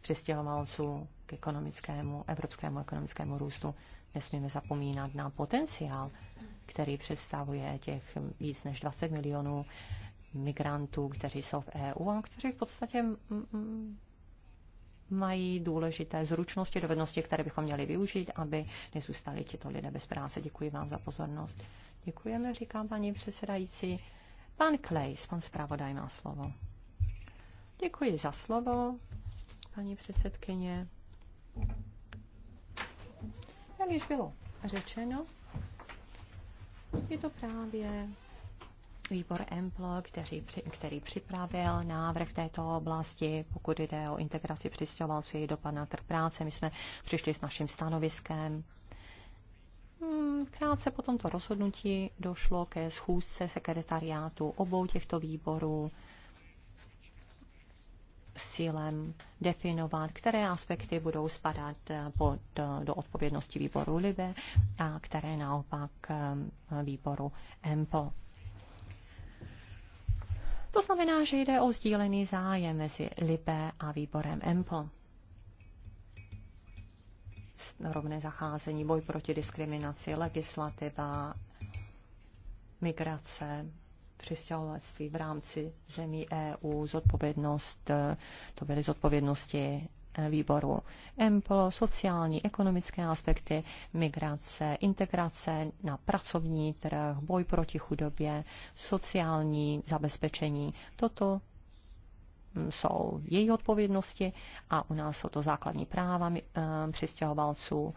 přistěhovalců k ekonomickému, evropskému ekonomickému růstu, nesmíme zapomínat na potenciál, který představuje těch víc než 20 milionů migrantů, kteří jsou v EU a kteří v podstatě mají důležité zručnosti, dovednosti, které bychom měli využít, aby nezůstali tito lidé bez práce. Děkuji vám za pozornost. Děkujeme, říká paní předsedající. Pan Klejs, pan zpravodaj má slovo. Děkuji za slovo paní předsedkyně. Jak již bylo řečeno, je to právě výbor EMPLO, který, který připravil návrh této oblasti, pokud jde o integraci přistěhovalců do pana trh práce. My jsme přišli s naším stanoviskem. Hmm, krátce po tomto rozhodnutí došlo ke schůzce sekretariátu obou těchto výborů cílem definovat, které aspekty budou spadat eh, pod, eh, do odpovědnosti výboru LIBE a které naopak eh, výboru EMPO. To znamená, že jde o sdílený zájem mezi LIBE a výborem EMPO rovné zacházení, boj proti diskriminaci, legislativa, migrace, přistěhovalectví v rámci zemí EU, zodpovědnost, eh, to byly zodpovědnosti eh, výboru EMPOLO, sociální, ekonomické aspekty, migrace, integrace na pracovní trh, boj proti chudobě, sociální zabezpečení. Toto mm, jsou její odpovědnosti a u nás jsou to základní práva eh, přistěhovalců,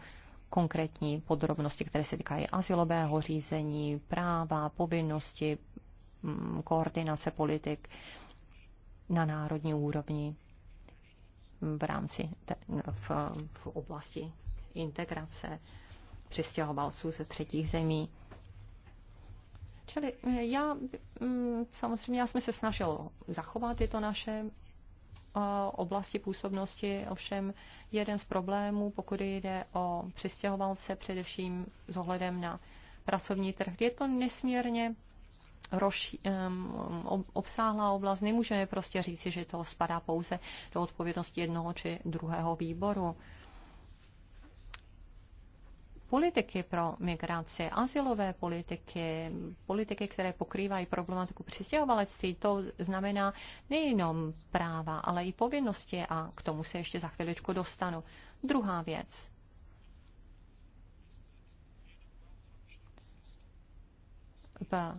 konkrétní podrobnosti, které se týkají asilového řízení, práva, povinnosti Mm, koordinace politik na národní úrovni v rámci v, v oblasti integrace přistěhovalců ze třetích zemí. Čili eh, já mm, samozřejmě já jsem se snažil zachovat tyto naše eh, oblasti působnosti, ovšem jeden z problémů, pokud jde o přistěhovalce, především s ohledem na pracovní trh, je to nesmírně roš, um, obsáhlá oblast. Nemůžeme prostě říci, že to spadá pouze do odpovědnosti jednoho či druhého výboru. Politiky pro migraci, asilové politiky, politiky, které pokrývají problematiku přistěhovalectví, to znamená nejenom práva, ale i povinnosti a k tomu se ještě za chviličku dostanu. Druhá věc. V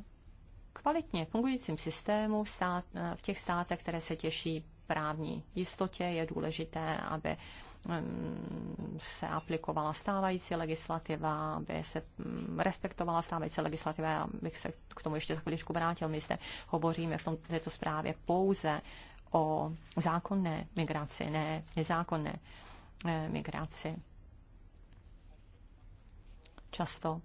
kvalitně fungujícím systému stát, eh, v těch státech, které se těší právní jistotě, je důležité, aby mm, se aplikovala stávající legislativa, aby se mm, respektovala stávající legislativa. Já bych se k tomu ještě za chviličku vrátil. My zde hovoříme v tom, této zprávě pouze o zákonné migraci, ne nezákonné eh, migraci. Často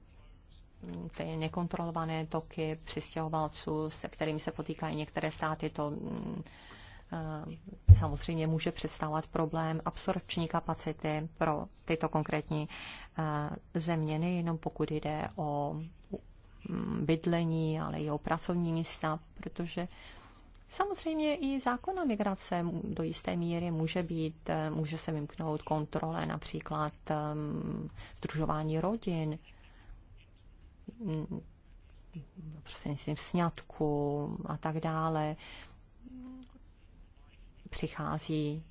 ty nekontrolované toky přistěhovalců, se kterými se potýkají některé státy, to mm, eh, samozřejmě může představovat problém absorpční kapacity pro tyto konkrétní eh, země, nejenom pokud jde o mm, bydlení, ale i o pracovní místa, protože Samozřejmě i zákona migrace do jisté míry může být, eh, může se vymknout kontrole například združování rodin, prostřednictvím sňatku a tak dále, přichází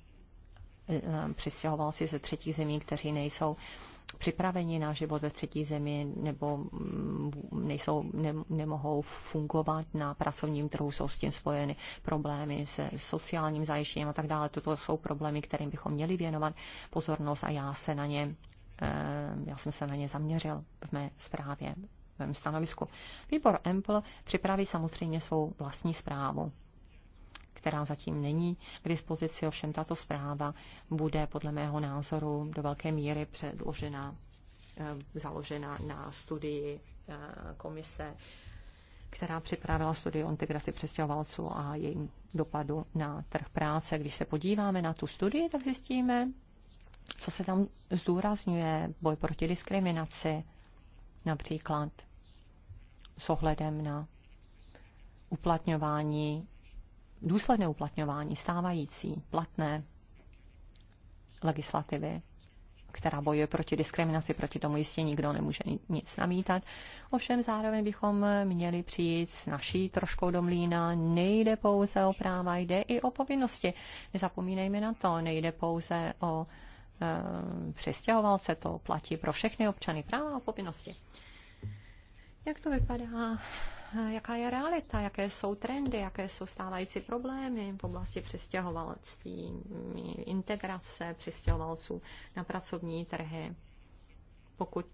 eh, si ze třetích zemí, kteří nejsou připraveni na život ve třetí zemi nebo mm, nejsou, ne, nemohou fungovat na pracovním trhu, jsou s tím spojeny problémy se sociálním zajištěním a tak dále. Toto jsou problémy, kterým bychom měli věnovat pozornost a já se na ně, eh, já jsem se na ně zaměřil v mé zprávě svém stanovisku. Výbor EMPL připraví samozřejmě svou vlastní zprávu která zatím není k dispozici, ovšem tato zpráva bude podle mého názoru do velké míry předložena, eh, založena na studii eh, komise, která připravila studii o integraci přestěhovalců a jejím dopadu na trh práce. Když se podíváme na tu studii, tak zjistíme, co se tam zdůrazňuje, boj proti diskriminaci například s ohledem na uplatňování, důsledné uplatňování stávající platné legislativy, která bojuje proti diskriminaci, proti tomu jistě nikdo nemůže nic namítat. Ovšem zároveň bychom měli přijít s naší troškou do mlína. Nejde pouze o práva, jde i o povinnosti. Nezapomínejme na to, nejde pouze o eh, přestěhovalce, to platí pro všechny občany práva a povinnosti. Jak to vypadá? Jaká je realita? Jaké jsou trendy? Jaké jsou stávající problémy v oblasti přistěhovalectví, integrace přistěhovalců na pracovní trhy? Pokud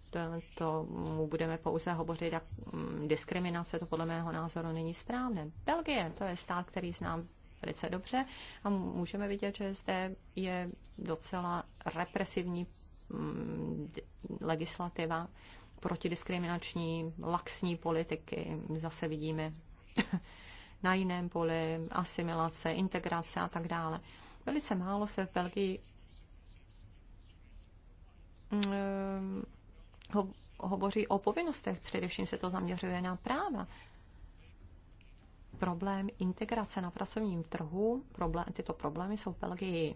to budeme pouze hovořit, jak mm, diskriminace, to podle mého názoru není správné. Belgie, to je stát, který znám velice dobře a můžeme vidět, že zde je docela represivní mm, legislativa protidiskriminační, laxní politiky. Zase vidíme *laughs* na jiném poli asimilace, integrace a tak dále. Velice málo se v Belgii mm, eh, ho, hovoří o povinnostech, především se to zaměřuje na práva. Problém integrace na pracovním trhu, problém, tyto problémy jsou v Belgii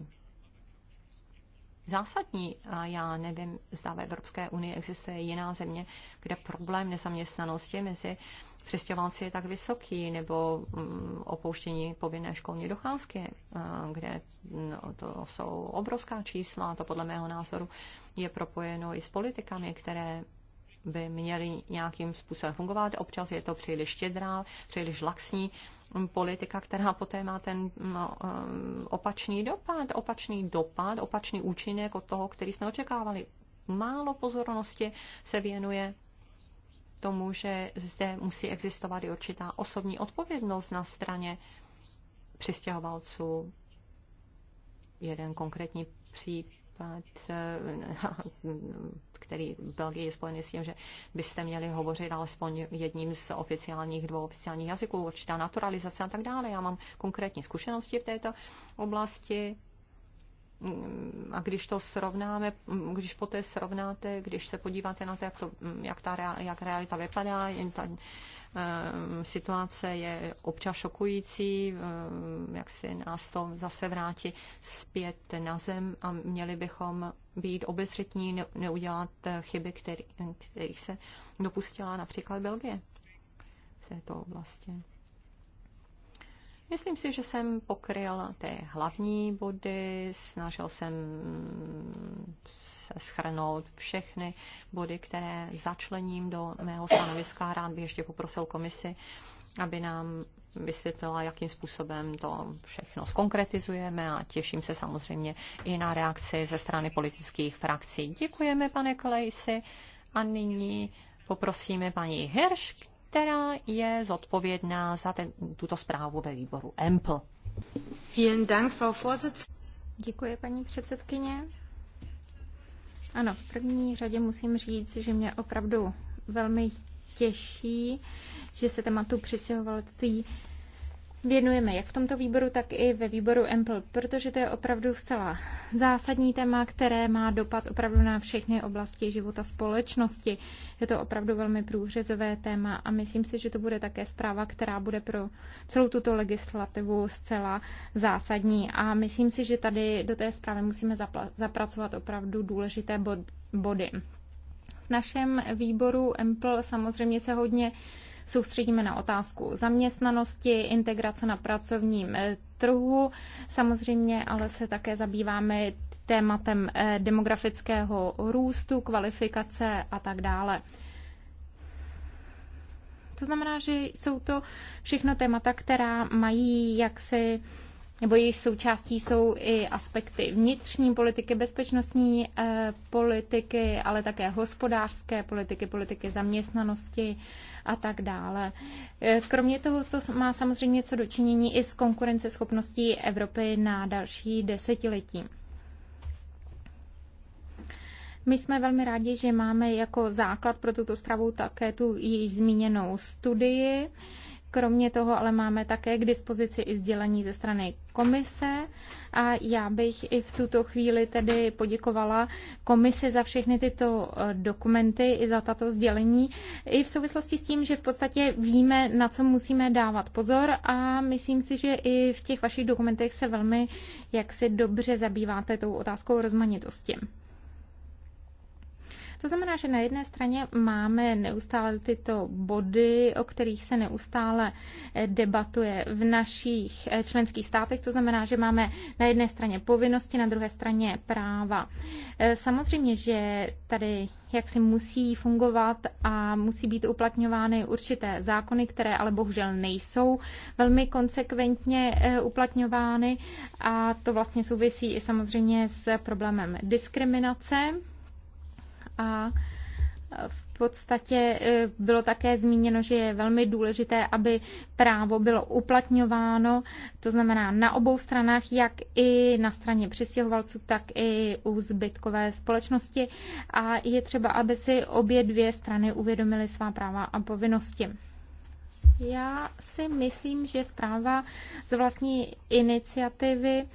zásadní a já nevím, zda v Evropské unii existuje jiná země, kde problém nezaměstnanosti mezi přestěhovalci je tak vysoký, nebo mm, opouštění povinné školní docházky, kde mm, to jsou obrovská čísla, to podle mého názoru je propojeno i s politikami, které by měly nějakým způsobem fungovat. Občas je to příliš štědrá, příliš laxní politika, která poté má ten mm, eh, opačný dopad, opačný dopad, opačný účinek od toho, který jsme očekávali. Málo pozornosti se věnuje tomu, že zde musí existovat i určitá osobní odpovědnost na straně přistěhovalců. Jeden konkrétní případ, eh, který v Belgii je spojený s tím, že byste měli hovořit alespoň jedním z oficiálních, dvou oficiálních jazyků, určitá naturalizace a tak dále. Já mám konkrétní zkušenosti v této oblasti a když to srovnáme, když poté srovnáte, když se podíváte na to, jak, to, jak, ta, jak realita vypadá, jen ta eh, situace je občas šokující, eh, jak si nás to zase vrátí zpět na zem a měli bychom být obezřetní, neudělat eh, chyby, který, kterých se dopustila například Belgie v této oblasti. Myslím si, že jsem pokryl ty hlavní body, snažil jsem se schrnout všechny body, které začlením do mého stanoviska. Rád bych ještě poprosil komisi, aby nám vysvětlila, jakým způsobem to všechno skonkretizujeme a těším se samozřejmě i na reakci ze strany politických frakcí. Děkujeme, pane Kolejsi, A nyní poprosíme paní Hirsch která je zodpovědná za ten, tuto zprávu ve výboru EMPL. Děkuji, paní předsedkyně. Ano, v první řadě musím říct, že mě opravdu velmi těší, že se tématu přistěhovalectví věnujeme jak v tomto výboru, tak i ve výboru EMPL, protože to je opravdu zcela zásadní téma, které má dopad opravdu na všechny oblasti života společnosti. Je to opravdu velmi průřezové téma a myslím si, že to bude také zpráva, která bude pro celou tuto legislativu zcela zásadní. A myslím si, že tady do té zprávy musíme zapracovat opravdu důležité body. V našem výboru EMPL samozřejmě se hodně soustředíme na otázku zaměstnanosti, integrace na pracovním eh, trhu. Samozřejmě ale se také zabýváme tématem eh, demografického růstu, kvalifikace a tak dále. To znamená, že jsou to všechno témata, která mají jaksi nebo jejich součástí jsou i aspekty vnitřní politiky, bezpečnostní eh, politiky, ale také hospodářské politiky, politiky zaměstnanosti a tak dále. Eh, kromě toho to má samozřejmě co dočinění i s konkurenceschopností Evropy na další desetiletí. My jsme velmi rádi, že máme jako základ pro tuto zprávu také tu již zmíněnou studii, Kromě toho ale máme také k dispozici i sdělení ze strany komise a já bych i v tuto chvíli tedy poděkovala komisi za všechny tyto eh, dokumenty i za tato sdělení, i v souvislosti s tím, že v podstatě víme, na co musíme dávat pozor a myslím si, že i v těch vašich dokumentech se velmi jak si dobře zabýváte tou otázkou rozmanitosti. To znamená, že na jedné straně máme neustále tyto body, o kterých se neustále eh, debatuje v našich eh, členských státech. To znamená, že máme na jedné straně povinnosti, na druhé straně práva. Eh, samozřejmě, že tady jak si musí fungovat a musí být uplatňovány určité zákony, které ale bohužel nejsou velmi konsekventně uplatňovány a to vlastně souvisí i samozřejmě s problémem diskriminace a v podstatě e, bylo také zmíněno, že je velmi důležité, aby právo bylo uplatňováno, to znamená na obou stranách, jak i na straně přistěhovalců, tak i u zbytkové společnosti. A je třeba, aby si obě dvě strany uvědomily svá práva a povinnosti. Já si myslím, že zpráva z vlastní iniciativy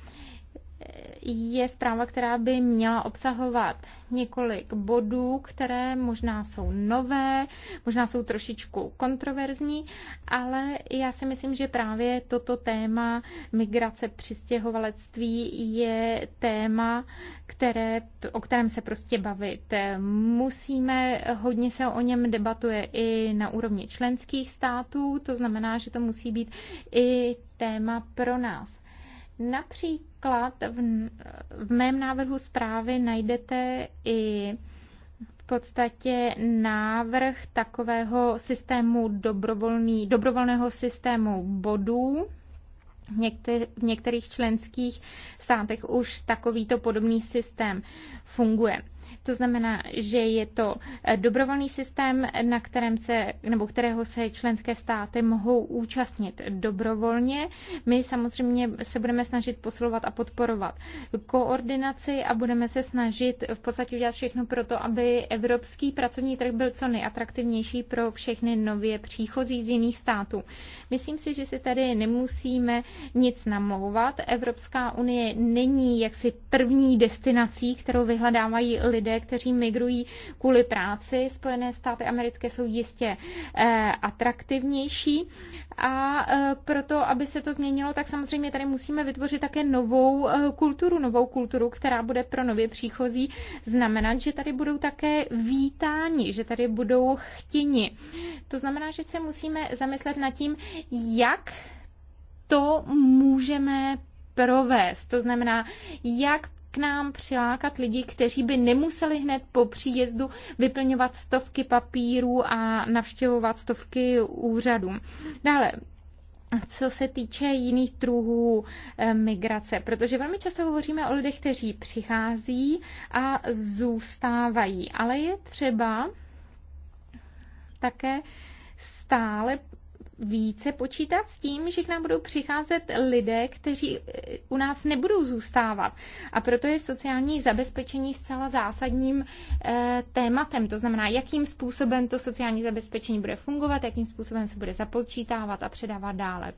je zpráva, která by měla obsahovat několik bodů, které možná jsou nové, možná jsou trošičku kontroverzní, ale já si myslím, že právě toto téma migrace, přistěhovalectví je téma, které, o kterém se prostě bavit musíme. Hodně se o něm debatuje i na úrovni členských států, to znamená, že to musí být i téma pro nás. Například příklad v, v mém návrhu zprávy najdete i v podstatě návrh takového systému dobrovolný, dobrovolného systému bodů, v některých členských státech už takovýto podobný systém funguje. To znamená, že je to eh, dobrovolný systém, na kterém se, nebo kterého se členské státy mohou účastnit dobrovolně. My samozřejmě se budeme snažit posilovat a podporovat koordinaci a budeme se snažit v podstatě udělat všechno pro to, aby evropský pracovní trh byl co nejatraktivnější pro všechny nově příchozí z jiných států. Myslím si, že si tady nemusíme nic namlouvat. Evropská unie není jaksi první destinací, kterou vyhledávají lidé kteří migrují kvůli práci. Spojené státy americké jsou jistě eh, atraktivnější a eh, proto, aby se to změnilo, tak samozřejmě tady musíme vytvořit také novou eh, kulturu, novou kulturu, která bude pro nově příchozí znamenat, že tady budou také vítáni, že tady budou chtěni. To znamená, že se musíme zamyslet nad tím, jak to můžeme provést. To znamená, jak nám přilákat lidi, kteří by nemuseli hned po příjezdu vyplňovat stovky papírů a navštěvovat stovky úřadů. Dále, co se týče jiných druhů eh, migrace, protože velmi často hovoříme o lidech, kteří přichází a zůstávají, ale je třeba také stále více počítat s tím, že k nám budou přicházet lidé, kteří eh, u nás nebudou zůstávat. A proto je sociální zabezpečení zcela zásadním eh, tématem. To znamená, jakým způsobem to sociální zabezpečení bude fungovat, jakým způsobem se bude započítávat a předávat dále.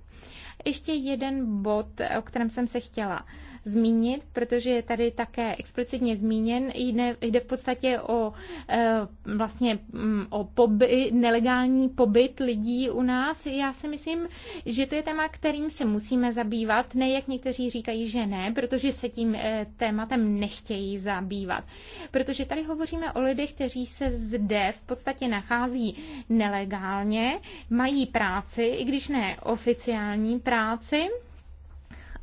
Ještě jeden bod, o kterém jsem se chtěla zmínit, protože je tady také explicitně zmíněn, jde, jde v podstatě o eh, vlastně mm, o poby, nelegální pobyt lidí u nás. Já si myslím, že to je téma, kterým se musíme zabývat, ne jak někteří říkají, že ne, protože se tím eh, tématem nechtějí zabývat. Protože tady hovoříme o lidech, kteří se zde v podstatě nachází nelegálně, mají práci, i když ne oficiální práci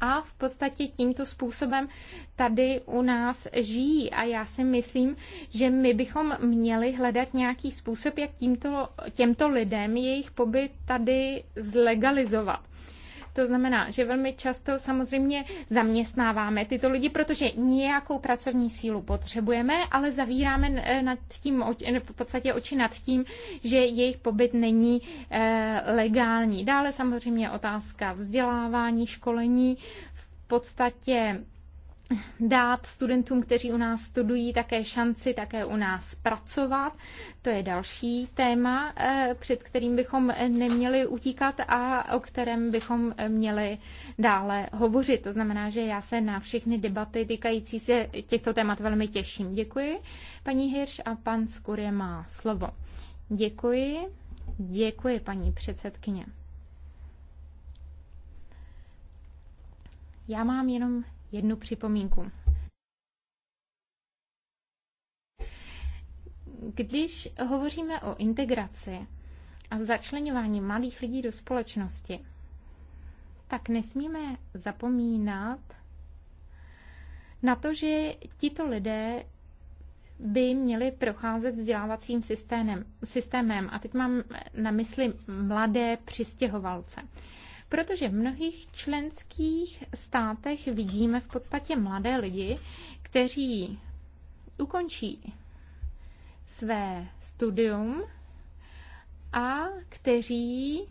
a v podstatě tímto způsobem tady u nás žijí. A já si myslím, že my bychom měli hledat nějaký způsob, jak tímto, těmto lidem jejich pobyt tady zlegalizovat. To znamená, že velmi často samozřejmě zaměstnáváme tyto lidi, protože nějakou pracovní sílu potřebujeme, ale zavíráme eh, nad tím, eh, v podstatě oči nad tím, že jejich pobyt není eh, legální. Dále samozřejmě otázka vzdělávání, školení, v podstatě dát studentům, kteří u nás studují, také šanci také u nás pracovat. To je další téma, eh, před kterým bychom neměli utíkat a o kterém bychom měli dále hovořit. To znamená, že já se na všechny debaty týkající se těchto témat velmi těším. Děkuji. Paní Hirš a pan Skurie má slovo. Děkuji. Děkuji, paní předsedkyně. Já mám jenom jednu připomínku. Když hovoříme o integraci a začlenování malých lidí do společnosti, tak nesmíme zapomínat na to, že tito lidé by měli procházet vzdělávacím systémem. systémem. A teď mám na mysli mladé přistěhovalce protože v mnohých členských státech vidíme v podstatě mladé lidi, kteří ukončí své studium a kteří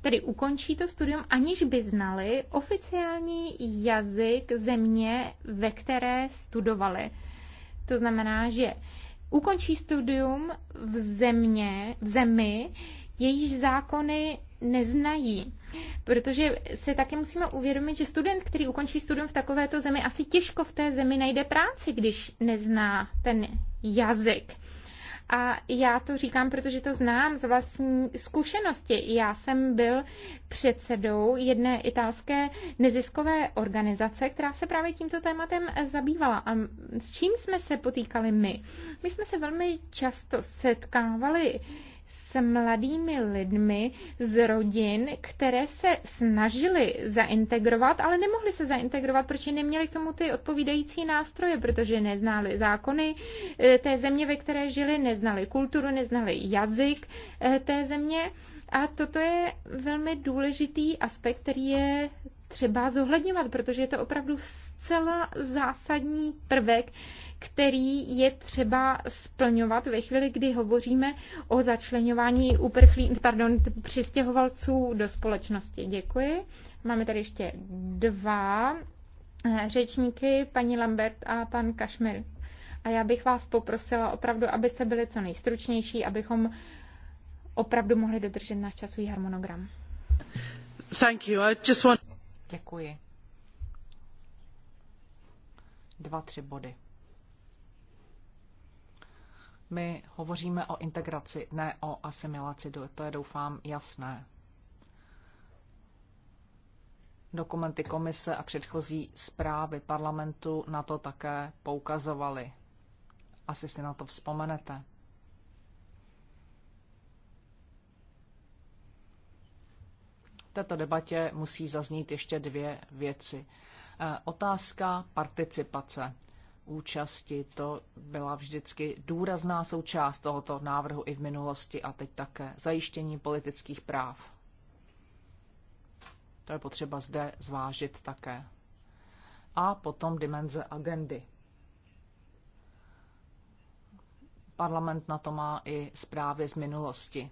tedy ukončí to studium, aniž by znali oficiální jazyk země, ve které studovali. To znamená, že ukončí studium v země, v zemi, jejíž zákony neznají. Protože se také musíme uvědomit, že student, který ukončí studium v takovéto zemi, asi těžko v té zemi najde práci, když nezná ten jazyk. A já to říkám, protože to znám z vlastní zkušenosti. Já jsem byl předsedou jedné italské neziskové organizace, která se právě tímto tématem zabývala. A s čím jsme se potýkali my? My jsme se velmi často setkávali s mladými lidmi z rodin, které se snažili zaintegrovat, ale nemohli se zaintegrovat, protože neměli k tomu ty odpovídající nástroje, protože neznali zákony eh, té země, ve které žili, neznali kulturu, neznali jazyk eh, té země. A toto je velmi důležitý aspekt, který je třeba zohledňovat, protože je to opravdu zcela zásadní prvek který je třeba splňovat ve chvíli, kdy hovoříme o začlenování uprchlí, pardon, přistěhovalců do společnosti. Děkuji. Máme tady ještě dva eh, řečníky, paní Lambert a pan Kašmir. A já bych vás poprosila opravdu, abyste byli co nejstručnější, abychom opravdu mohli dodržet náš časový harmonogram. Thank you. I just want... Děkuji. Dva, tři body. My hovoříme o integraci, ne o asimilaci, to je doufám jasné. Dokumenty komise a předchozí zprávy parlamentu na to také poukazovaly. Asi si na to vzpomenete. V této debatě musí zaznít ještě dvě věci. Eh, otázka participace účasti. To byla vždycky důrazná součást tohoto návrhu i v minulosti a teď také zajištění politických práv. To je potřeba zde zvážit také. A potom dimenze agendy. Parlament na to má i zprávy z minulosti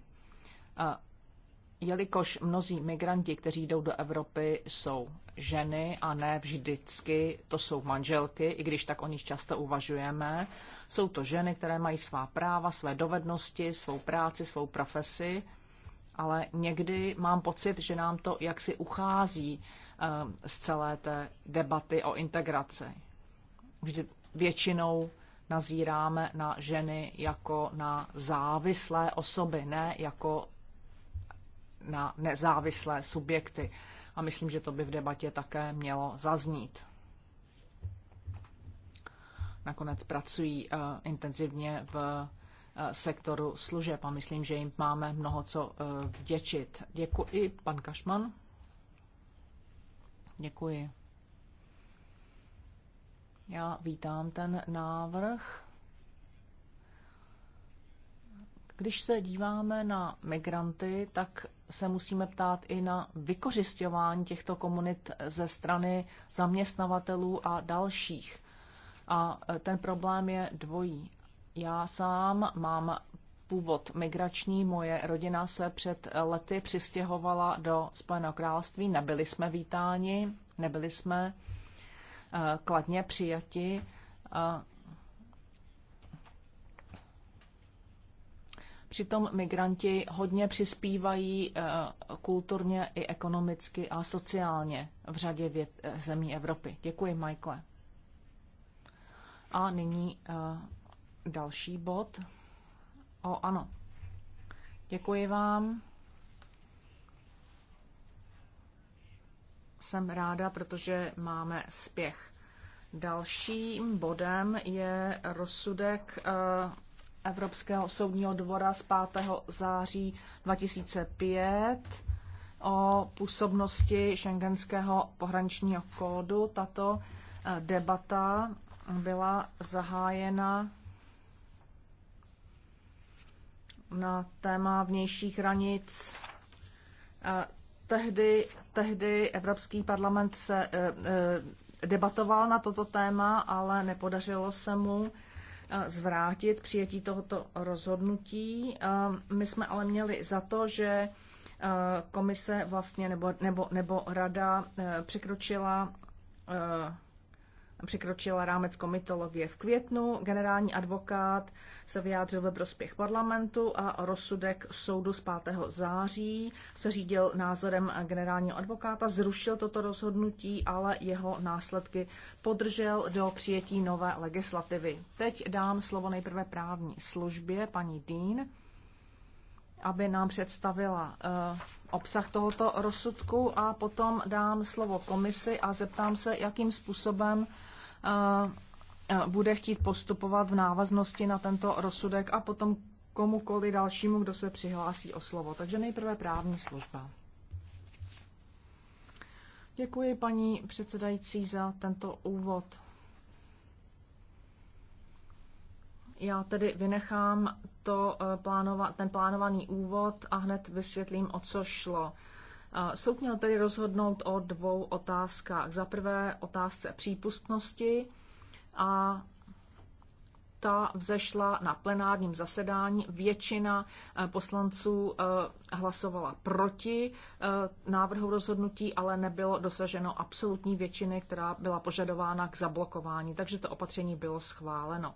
jelikož mnozí migranti, kteří jdou do Evropy, jsou ženy a ne vždycky, to jsou manželky, i když tak o nich často uvažujeme, jsou to ženy, které mají svá práva, své dovednosti, svou práci, svou profesi, ale někdy mám pocit, že nám to jaksi uchází ehm, z celé té debaty o integraci. Vždy většinou nazíráme na ženy jako na závislé osoby, ne jako na nezávislé subjekty. A myslím, že to by v debatě také mělo zaznít. Nakonec pracují eh, intenzivně v eh, sektoru služeb a myslím, že jim máme mnoho co eh, vděčit. Děkuji, pan Kašman. Děkuji. Já vítám ten návrh Když se díváme na migranty, tak se musíme ptát i na vykořišťování těchto komunit ze strany zaměstnavatelů a dalších. A e, ten problém je dvojí. Já sám mám původ migrační. Moje rodina se před lety přistěhovala do Spojeného království. Nebyli jsme vítáni, nebyli jsme e, kladně přijati. Přitom migranti hodně přispívají eh, kulturně i ekonomicky a sociálně v řadě věd, eh, zemí Evropy. Děkuji, Michael. A nyní eh, další bod. O, ano. Děkuji vám. Jsem ráda, protože máme spěch. Dalším bodem je rozsudek Evropského soudního dvora z 5. září 2005 o působnosti šengenského pohraničního kódu. Tato eh, debata byla zahájena na téma vnějších hranic. Eh, tehdy, tehdy Evropský parlament se eh, debatoval na toto téma, ale nepodařilo se mu Eh, zvrátit přijetí tohoto rozhodnutí. Eh, my jsme ale měli za to, že eh, komise vlastně nebo, nebo, nebo rada překročila překročila rámec komitologie v květnu. Generální advokát se vyjádřil ve prospěch parlamentu a rozsudek soudu z 5. září se řídil názorem generálního advokáta, zrušil toto rozhodnutí, ale jeho následky podržel do přijetí nové legislativy. Teď dám slovo nejprve právní službě paní Dean aby nám představila eh, obsah tohoto rozsudku a potom dám slovo komisi a zeptám se, jakým způsobem eh, eh, bude chtít postupovat v návaznosti na tento rozsudek a potom komukoli dalšímu, kdo se přihlásí o slovo. Takže nejprve právní služba. Děkuji paní předsedající za tento úvod. Já tedy vynechám to, eh, plánova, ten plánovaný úvod a hned vysvětlím, o co šlo. Eh, soud měl tedy rozhodnout o dvou otázkách. Za prvé otázce přípustnosti a ta vzešla na plenárním zasedání. Většina eh, poslanců hlasovala proti návrhu rozhodnutí, ale nebylo dosaženo absolutní většiny, která byla požadována k zablokování, takže to opatření bylo schváleno.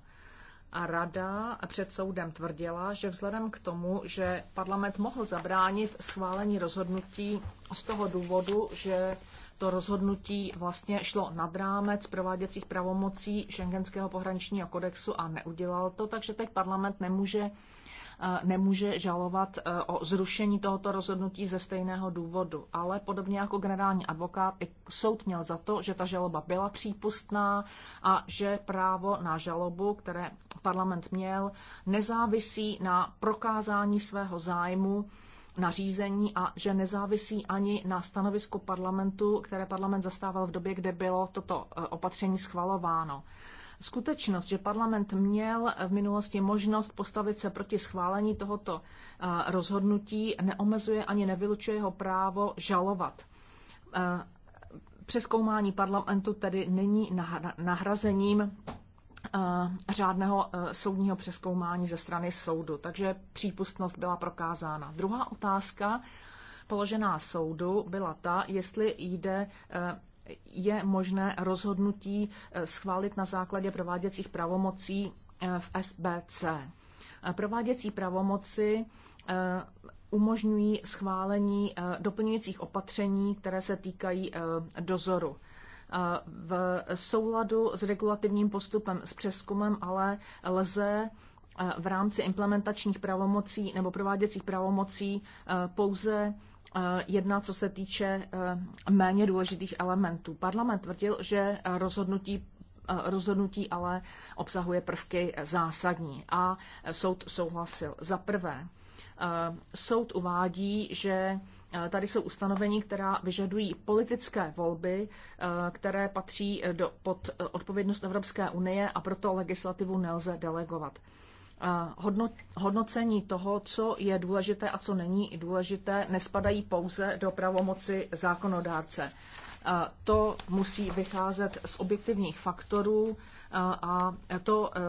A rada před soudem tvrdila, že vzhledem k tomu, že parlament mohl zabránit schválení rozhodnutí z toho důvodu, že to rozhodnutí vlastně šlo nad rámec prováděcích pravomocí Schengenského pohraničního kodexu a neudělal to, takže teď parlament nemůže nemůže žalovat e, o zrušení tohoto rozhodnutí ze stejného důvodu. Ale podobně jako generální advokát, i soud měl za to, že ta žaloba byla přípustná a že právo na žalobu, které parlament měl, nezávisí na prokázání svého zájmu nařízení a že nezávisí ani na stanovisku parlamentu, které parlament zastával v době, kde bylo toto e, opatření schvalováno skutečnost, že parlament měl v minulosti možnost postavit se proti schválení tohoto eh, rozhodnutí, neomezuje ani nevylučuje jeho právo žalovat. Eh, přeskoumání parlamentu tedy není nahrazením eh, řádného soudního přeskoumání ze strany soudu, takže přípustnost byla prokázána. Druhá otázka, položená soudu, byla ta, jestli jde je možné rozhodnutí eh, schválit na základě prováděcích pravomocí eh, v SBC. Eh, prováděcí pravomoci umožňují schválení doplňujících opatření, které se týkají dozoru. V souladu s regulativním postupem s přeskumem ale lze v rámci implementačních pravomocí nebo prováděcích pravomocí pouze Eh, jedna, co se týče eh, méně důležitých elementů. Parlament tvrdil, že rozhodnutí eh, rozhodnutí ale obsahuje prvky zásadní a soud souhlasil. Za prvé, soud uvádí, že tady jsou ustanovení, která vyžadují politické volby, které patří do, pod odpovědnost Evropské unie a proto legislativu nelze delegovat hodnocení toho, co je důležité a co není důležité, nespadají pouze do pravomoci zákonodárce. To musí vycházet z objektivních faktorů a to e,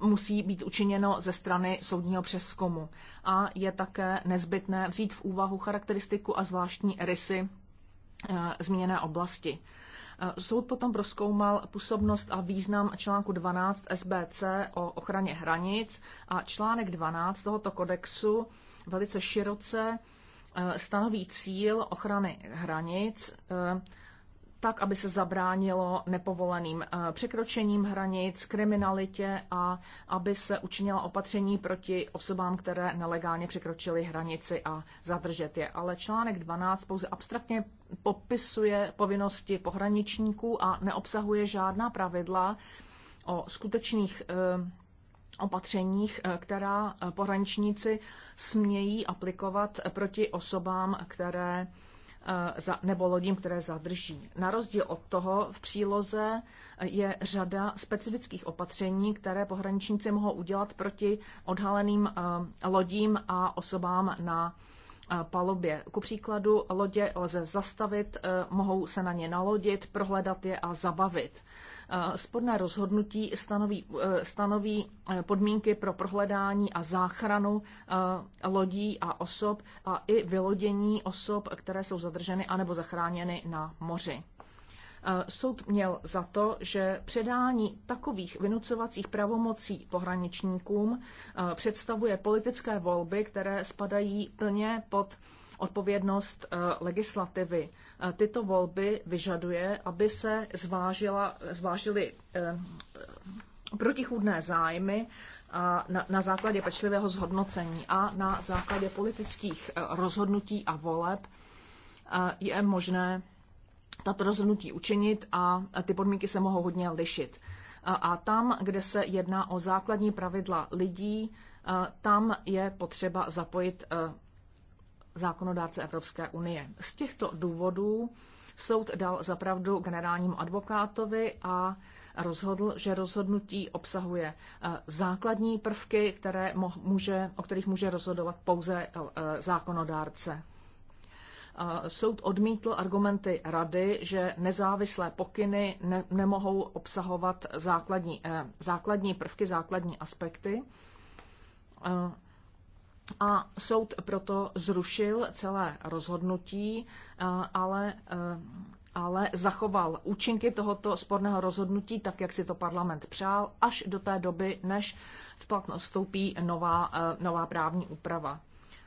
musí být učiněno ze strany soudního přeskumu. A je také nezbytné vzít v úvahu charakteristiku a zvláštní rysy e, zmíněné oblasti. Eh, soud potom proskoumal působnost a význam článku 12 SBC o ochraně hranic a článek 12 tohoto kodexu velice široce eh, stanoví cíl ochrany hranic eh, tak, aby se zabránilo nepovoleným eh, překročením hranic, kriminalitě a aby se učinila opatření proti osobám, které nelegálně překročily hranici a zadržet je. Ale článek 12 pouze abstraktně popisuje povinnosti pohraničníků a neobsahuje žádná pravidla o skutečných eh, opatřeních, eh, která pohraničníci smějí aplikovat proti osobám, které Eh, za, nebo lodím, které zadrží. Na rozdíl od toho v příloze je řada specifických opatření, které pohraničníci mohou udělat proti odhaleným eh, lodím a osobám na eh, palubě. Ku příkladu lodě lze zastavit, mohou se na ně nalodit, prohledat je a zabavit sporná rozhodnutí stanoví, eh, stanoví eh, podmínky pro prohledání a záchranu eh, lodí a osob a i vylodění osob, které jsou zadrženy anebo zachráněny na moři. Soud měl za to, že předání takových vynucovacích pravomocí pohraničníkům představuje politické volby, které spadají plně pod odpovědnost legislativy tyto volby vyžaduje, aby se zvážila, zvážily eh, protichůdné zájmy a na, na základě pečlivého zhodnocení a na základě politických eh, rozhodnutí a voleb eh, je možné tato rozhodnutí učinit a ty podmínky se mohou hodně lišit. A tam, kde se jedná o základní pravidla lidí, tam je potřeba zapojit zákonodárce Evropské unie. Z těchto důvodů soud dal zapravdu generálnímu advokátovi a rozhodl, že rozhodnutí obsahuje eh, základní prvky, které může, o kterých může rozhodovat pouze eh, zákonodárce. Eh, soud odmítl argumenty rady, že nezávislé pokyny ne, nemohou obsahovat základní, základní prvky, základní aspekty a soud proto zrušil celé rozhodnutí, eh, ale, eh, ale zachoval účinky tohoto sporného rozhodnutí, tak jak si to parlament přál, až do té doby, než v platnost vstoupí nová, eh, nová právní úprava.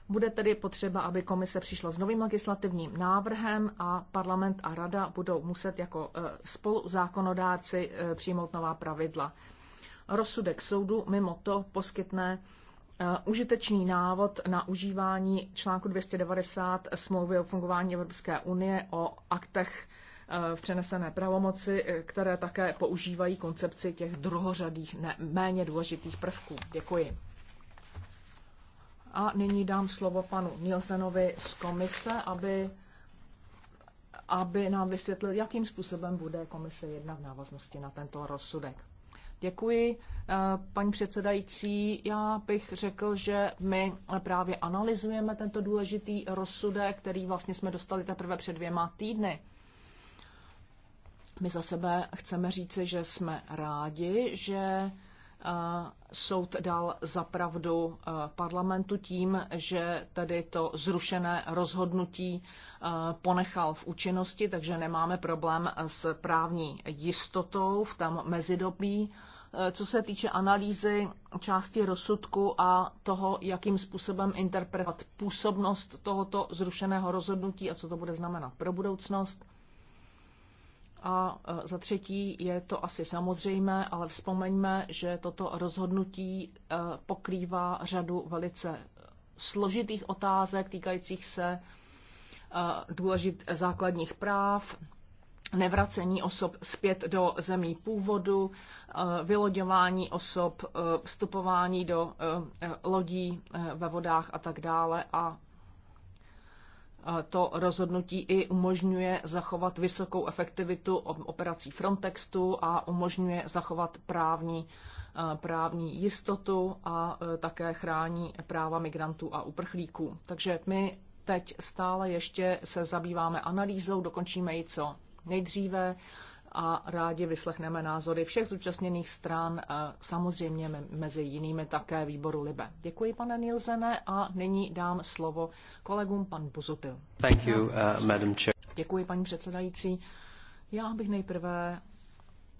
Bude tedy potřeba, aby komise přišla s novým legislativním návrhem a parlament a rada budou muset jako zákonodáci přijmout nová pravidla. Rozsudek soudu mimo to poskytne Eh, užitečný návod na užívání článku 290 smlouvy o fungování Evropské unie o aktech eh, v přenesené pravomoci, eh, které také používají koncepci těch druhořadých, ne, méně důležitých prvků. Děkuji. A nyní dám slovo panu Nielsenovi z komise, aby, aby nám vysvětlil, jakým způsobem bude komise jednat v návaznosti na tento rozsudek. Děkuji, eh, paní předsedající. Já bych řekl, že my právě analyzujeme tento důležitý rozsudek, který vlastně jsme dostali teprve před dvěma týdny. My za sebe chceme říci, že jsme rádi, že eh, soud dal zapravdu eh, parlamentu tím, že tedy to zrušené rozhodnutí ponechal v účinnosti, takže nemáme problém s právní jistotou v tom mezidobí. Eh, co se týče analýzy části rozsudku a toho, jakým způsobem interpretovat působnost tohoto zrušeného rozhodnutí a co to bude znamenat pro budoucnost. A eh, za třetí je to asi samozřejmé, ale vzpomeňme, že toto rozhodnutí eh, pokrývá řadu velice složitých otázek týkajících se důležit základních práv, nevracení osob zpět do zemí původu, eh, vyloďování osob, eh, vstupování do eh, lodí ve vodách a tak dále a to rozhodnutí i umožňuje zachovat vysokou efektivitu operací Frontextu a umožňuje zachovat právní, právní jistotu a také chrání práva migrantů a uprchlíků. Takže my teď stále ještě se zabýváme analýzou, dokončíme ji co nejdříve a rádi vyslechneme názory všech zúčastněných stran, samozřejmě mezi jinými také výboru Libe. Děkuji, pane Nilzene, a nyní dám slovo kolegům pan Buzutil. Thank you, uh, Madam Chair. Děkuji, paní předsedající. Já bych nejprve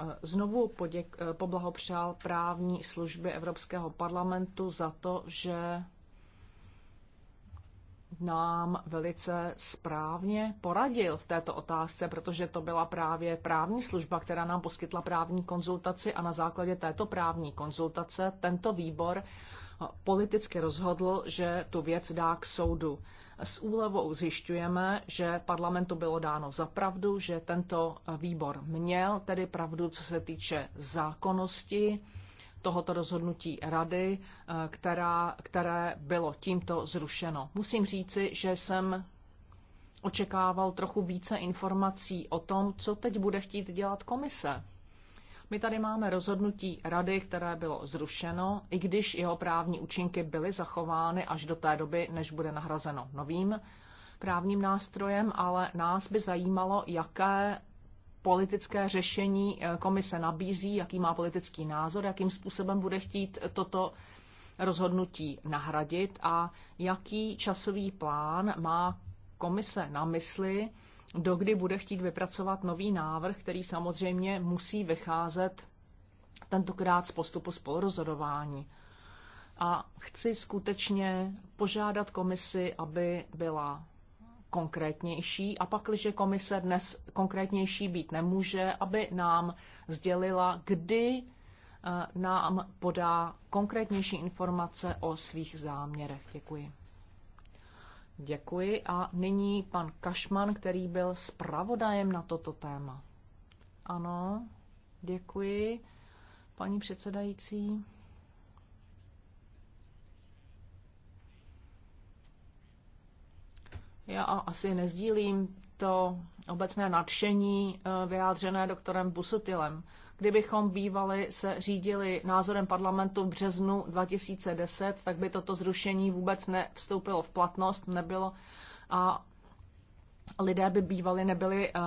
uh, znovu poděk, uh, poblahopřál právní služby Evropského parlamentu za to, že nám velice správně poradil v této otázce, protože to byla právě právní služba, která nám poskytla právní konzultaci a na základě této právní konzultace tento výbor eh, politicky rozhodl, že tu věc dá k soudu. S úlevou zjišťujeme, že parlamentu bylo dáno za pravdu, že tento výbor měl tedy pravdu, co se týče zákonnosti tohoto rozhodnutí rady, eh, která, které bylo tímto zrušeno. Musím říci, že jsem očekával trochu více informací o tom, co teď bude chtít dělat komise. My tady máme rozhodnutí rady, které bylo zrušeno, i když jeho právní účinky byly zachovány až do té doby, než bude nahrazeno novým právním nástrojem, ale nás by zajímalo, jaké politické řešení eh, komise nabízí, jaký má politický názor, jakým způsobem bude chtít toto rozhodnutí nahradit a jaký časový plán má komise na mysli, dokdy bude chtít vypracovat nový návrh, který samozřejmě musí vycházet tentokrát z postupu spolurozhodování. A chci skutečně požádat komisi, aby byla konkrétnější a pak, když komise dnes konkrétnější být nemůže, aby nám sdělila, kdy eh, nám podá konkrétnější informace o svých záměrech. Děkuji. Děkuji a nyní pan Kašman, který byl zpravodajem na toto téma. Ano, děkuji, paní předsedající. Já asi nezdílím to obecné nadšení eh, vyjádřené doktorem Busutilem. Kdybychom bývali se řídili názorem parlamentu v březnu 2010, tak by toto zrušení vůbec nevstoupilo v platnost, nebylo a lidé by bývali nebyli eh,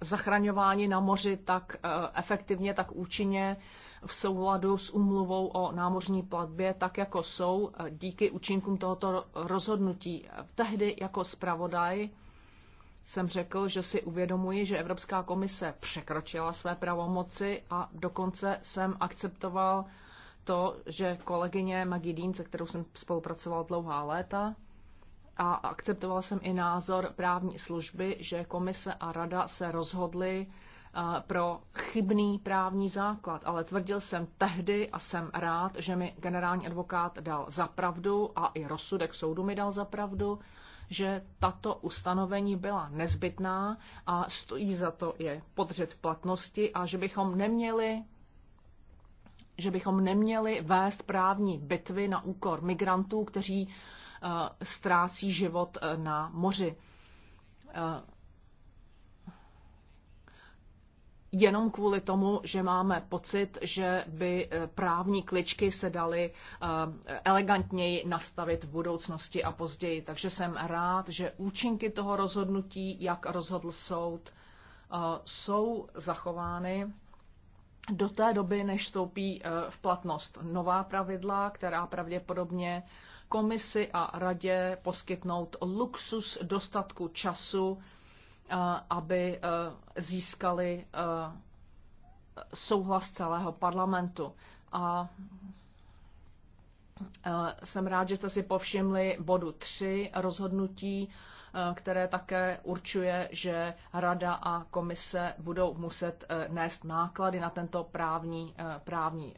zachraňováni na moři tak eh, efektivně, tak účinně, v souladu s úmluvou o námořní platbě, tak jako jsou e, díky účinkům tohoto rozhodnutí. Tehdy jako zpravodaj jsem řekl, že si uvědomuji, že Evropská komise překročila své pravomoci a dokonce jsem akceptoval to, že kolegyně Maggie Dean, se kterou jsem spolupracoval dlouhá léta, a akceptoval jsem i názor právní služby, že komise a rada se rozhodly pro chybný právní základ, ale tvrdil jsem tehdy a jsem rád, že mi generální advokát dal za pravdu a i rozsudek soudu mi dal za pravdu, že tato ustanovení byla nezbytná a stojí za to je podřet v platnosti a že bychom neměli že bychom neměli vést právní bitvy na úkor migrantů, kteří uh, ztrácí život uh, na moři. Uh, jenom kvůli tomu, že máme pocit, že by eh, právní kličky se daly eh, elegantněji nastavit v budoucnosti a později. Takže jsem rád, že účinky toho rozhodnutí, jak rozhodl soud, eh, jsou zachovány do té doby, než vstoupí v platnost nová pravidla, která pravděpodobně komisi a radě poskytnout luxus dostatku času, Eh, aby eh, získali eh, souhlas celého parlamentu. A jsem rád, že jste si povšimli bodu 3 rozhodnutí, které také určuje, že Rada a komise budou muset nést náklady na tento právní, právní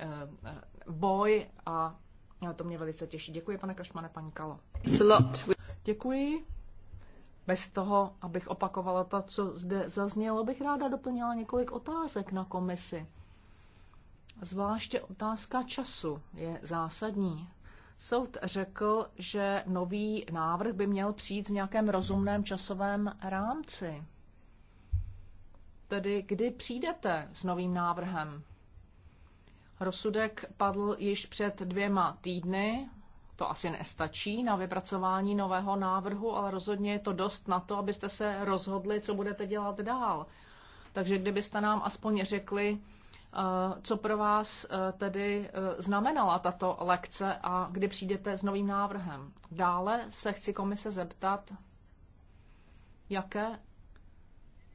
boj a to mě velice těší. Děkuji, pane Kašmane, paní Kalo. Děkuji. Bez toho, abych opakovala to, co zde zaznělo, bych ráda doplnila několik otázek na komisi. Zvláště otázka času je zásadní. Soud řekl, že nový návrh by měl přijít v nějakém rozumném časovém rámci. Tedy kdy přijdete s novým návrhem? Rozsudek padl již před dvěma týdny, to asi nestačí na vypracování nového návrhu, ale rozhodně je to dost na to, abyste se rozhodli, co budete dělat dál. Takže kdybyste nám aspoň řekli, eh, co pro vás eh, tedy eh, znamenala tato lekce a kdy přijdete s novým návrhem. Dále se chci komise zeptat, jaké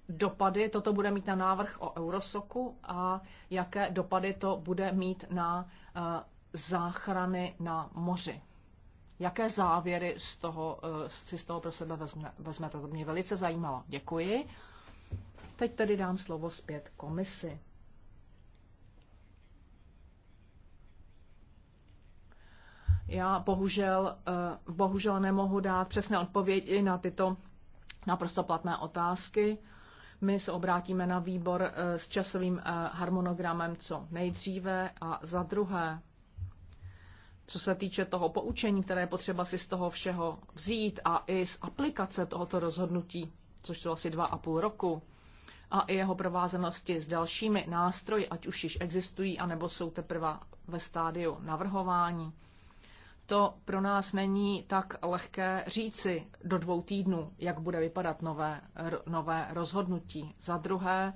dopady toto bude mít na návrh o Eurosoku a jaké dopady to bude mít na záchrany na moři jaké závěry z toho, eh, si z toho pro sebe vezme, vezmete. To mě velice zajímalo. Děkuji. Teď tedy dám slovo zpět komisi. Já bohužel, eh, bohužel nemohu dát přesné odpovědi na tyto naprosto platné otázky. My se obrátíme na výbor eh, s časovým harmonogramem co nejdříve a za druhé co se týče toho poučení, které je potřeba si z toho všeho vzít a i z aplikace tohoto rozhodnutí, což jsou asi dva a půl roku, a i jeho provázenosti s dalšími nástroji, ať už již existují, anebo jsou teprve ve stádiu navrhování. To pro nás není tak lehké říci do dvou týdnů, jak bude vypadat nové, nové rozhodnutí. Za druhé,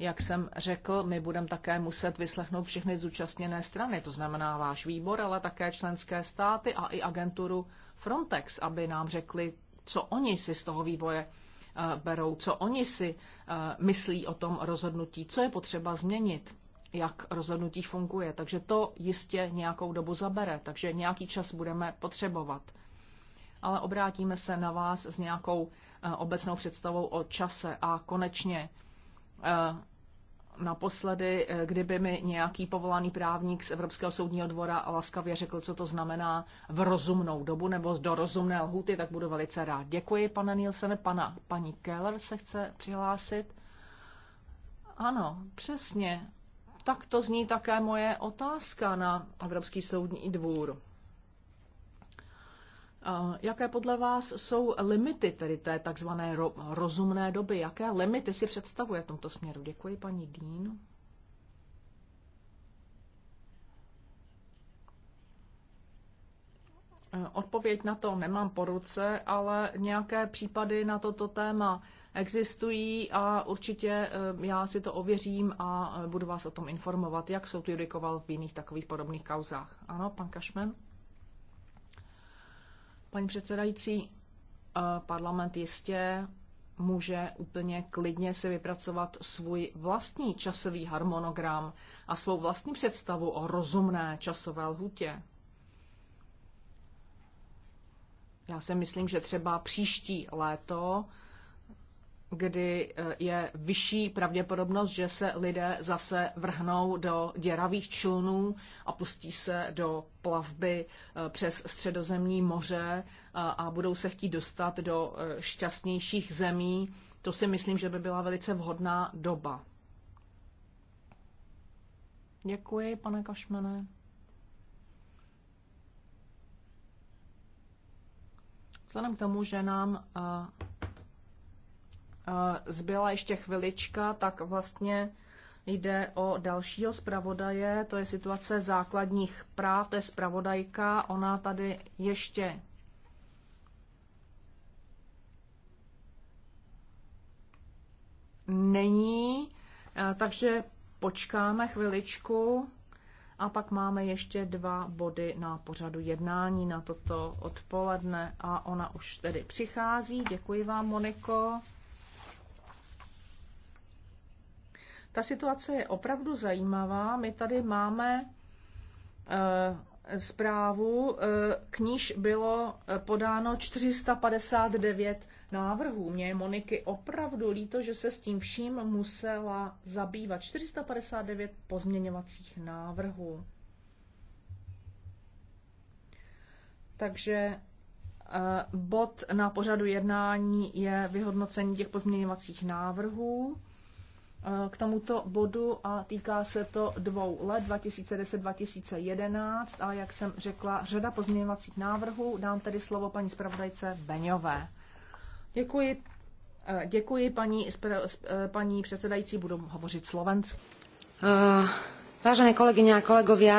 jak jsem řekl, my budeme také muset vyslechnout všechny zúčastněné strany, to znamená váš výbor, ale také členské státy a i agenturu Frontex, aby nám řekli, co oni si z toho vývoje eh, berou, co oni si eh, myslí o tom rozhodnutí, co je potřeba změnit, jak rozhodnutí funguje. Takže to jistě nějakou dobu zabere, takže nějaký čas budeme potřebovat. Ale obrátíme se na vás s nějakou eh, obecnou představou o čase a konečně naposledy, eh, kdyby mi nějaký povolaný právník z Evropského soudního dvora laskavě řekl, co to znamená v rozumnou dobu nebo do rozumné lhuty, tak budu velice rád. Děkuji, pane Nielsen. Pana, paní Keller se chce přihlásit. Ano, přesně. Tak to zní také moje otázka na Evropský soudní dvůr. Jaké podle vás jsou limity tedy té takzvané rozumné doby? Jaké limity si představuje v tomto směru? Děkuji, paní Dean. E, odpověď na to nemám po ruce, ale nějaké případy na toto téma existují a určitě e, já si to ověřím a e, budu vás o tom informovat, jak soud judikoval v jiných takových podobných kauzách. Ano, pan Kašmen? Paní předsedající, eh, parlament jistě může úplně klidně si vypracovat svůj vlastní časový harmonogram a svou vlastní představu o rozumné časové lhutě. Já si myslím, že třeba příští léto kdy eh, je vyšší pravděpodobnost, že se lidé zase vrhnou do děravých člunů a pustí se do plavby eh, přes středozemní moře eh, a budou se chtít dostat do šťastnějších zemí. To si myslím, že by byla velice vhodná doba. Děkuji, pane Kašmene. Vzhledem k tomu, že nám zbyla ještě chvilička, tak vlastně jde o dalšího zpravodaje, to je situace základních práv, to je zpravodajka, ona tady ještě není, takže počkáme chviličku a pak máme ještě dva body na pořadu jednání na toto odpoledne a ona už tedy přichází. Děkuji vám, Moniko. Ta situace je opravdu zajímavá. My tady máme eh, zprávu, eh, k níž bylo eh, podáno 459 návrhů. Mně je Moniky opravdu líto, že se s tím vším musela zabývat. 459 pozměňovacích návrhů. Takže bod na pořadu jednání je vyhodnocení těch pozměňovacích návrhů k tomuto bodu a týká se to dvou let 2010-2011 a jak jsem řekla, řada pozměňovacích návrhů. Dám tedy slovo paní zpravodajce Beňové. Děkuji. Eh, děkuji, paní, eh, paní předsedající, budu hovořit slovensky. Uh, vážené kolegyně a kolegové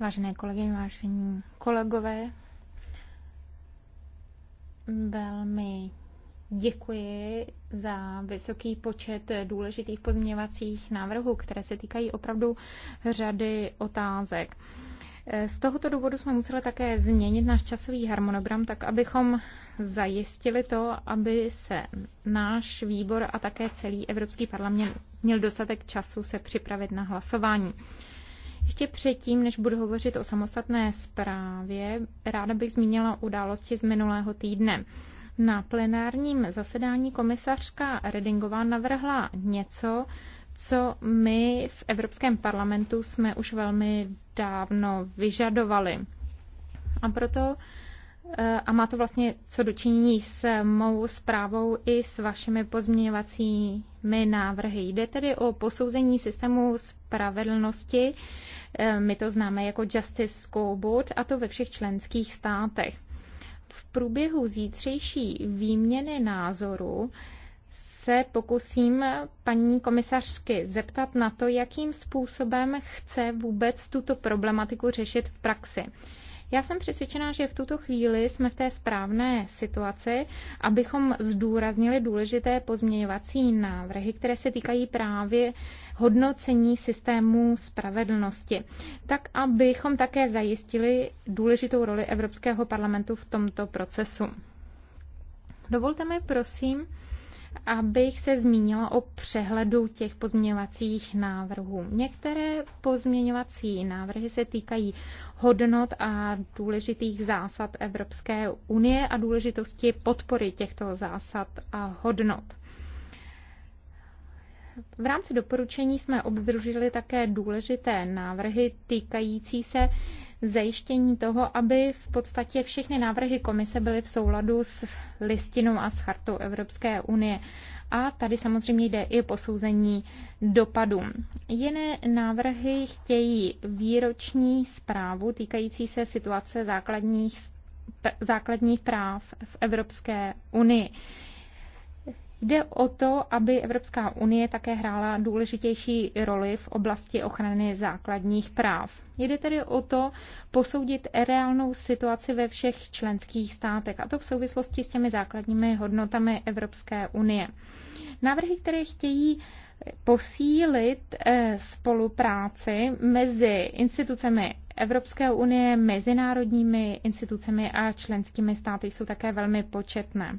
Vážené kolegyně, vážení kolegové, velmi Děkuji za vysoký počet důležitých pozměňovacích návrhů, které se týkají opravdu řady otázek. Z tohoto důvodu jsme museli také změnit náš časový harmonogram, tak abychom zajistili to, aby se náš výbor a také celý Evropský parlament měl dostatek času se připravit na hlasování. Ještě předtím, než budu hovořit o samostatné zprávě, ráda bych zmínila události z minulého týdne. Na plenárním zasedání komisařka Redingová navrhla něco, co my v Evropském parlamentu jsme už velmi dávno vyžadovali. A proto eh, a má to vlastně co dočinění s mou zprávou i s vašimi pozměňovacími návrhy. Jde tedy o posouzení systému spravedlnosti, eh, my to známe jako Justice Scoreboard, a to ve všech členských státech v průběhu zítřejší výměny názoru se pokusím paní komisařky zeptat na to, jakým způsobem chce vůbec tuto problematiku řešit v praxi. Já jsem přesvědčená, že v tuto chvíli jsme v té správné situaci, abychom zdůraznili důležité pozměňovací návrhy, které se týkají právě hodnocení systému spravedlnosti, tak abychom také zajistili důležitou roli Evropského parlamentu v tomto procesu. Dovolte mi, prosím, abych se zmínila o přehledu těch pozměňovacích návrhů. Některé pozměňovací návrhy se týkají hodnot a důležitých zásad Evropské unie a důležitosti podpory těchto zásad a hodnot. V rámci doporučení jsme obdrželi také důležité návrhy týkající se zajištění toho, aby v podstatě všechny návrhy komise byly v souladu s listinou a s chartou Evropské unie. A tady samozřejmě jde i posouzení dopadů. Jiné návrhy chtějí výroční zprávu týkající se situace základních, základních práv v Evropské unii. Jde o to, aby Evropská unie také hrála důležitější roli v oblasti ochrany základních práv. Jde tedy o to posoudit reálnou situaci ve všech členských státech, a to v souvislosti s těmi základními hodnotami Evropské unie. Návrhy, které chtějí posílit eh, spolupráci mezi institucemi Evropské unie, mezinárodními institucemi a členskými státy jsou také velmi početné.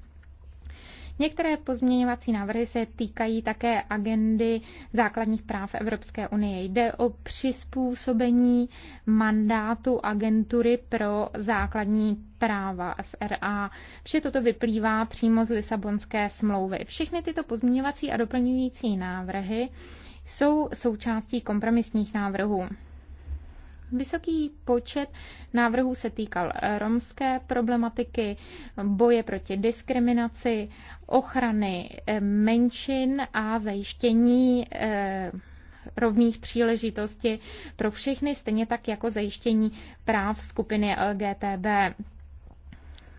Některé pozměňovací návrhy se týkají také agendy základních práv Evropské unie. Jde o přizpůsobení mandátu agentury pro základní práva FRA. Vše toto vyplývá přímo z Lisabonské smlouvy. Všechny tyto pozměňovací a doplňující návrhy jsou součástí kompromisních návrhů. Vysoký počet návrhů se týkal eh, romské problematiky, boje proti diskriminaci, ochrany eh, menšin a zajištění eh, rovných příležitostí pro všechny, stejně tak jako zajištění práv skupiny LGTB.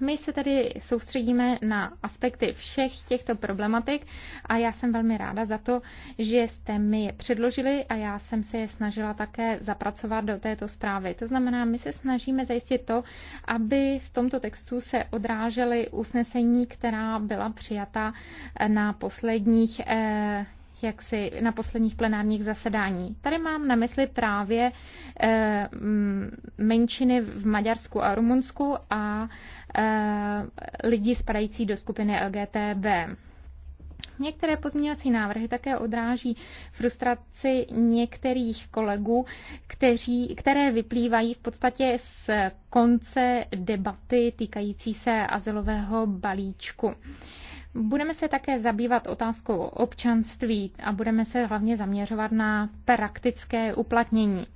My se tady soustředíme na aspekty všech těchto problematik a já jsem velmi ráda za to, že jste mi je předložili a já jsem se je snažila také zapracovat do této zprávy. To znamená, my se snažíme zajistit to, aby v tomto textu se odrážely usnesení, která byla přijata na posledních eh, jaksi na posledních plenárních zasedání. Tady mám na mysli právě eh, menšiny v Maďarsku a Rumunsku a eh, lidi spadající do skupiny LGTB. Některé pozměňovací návrhy také odráží frustraci některých kolegů, kteří, které vyplývají v podstatě z konce debaty týkající se azylového balíčku. Uh, Budeme se také zabývat otázkou občanství a budeme se hlavně zaměřovat na praktické uplatnění.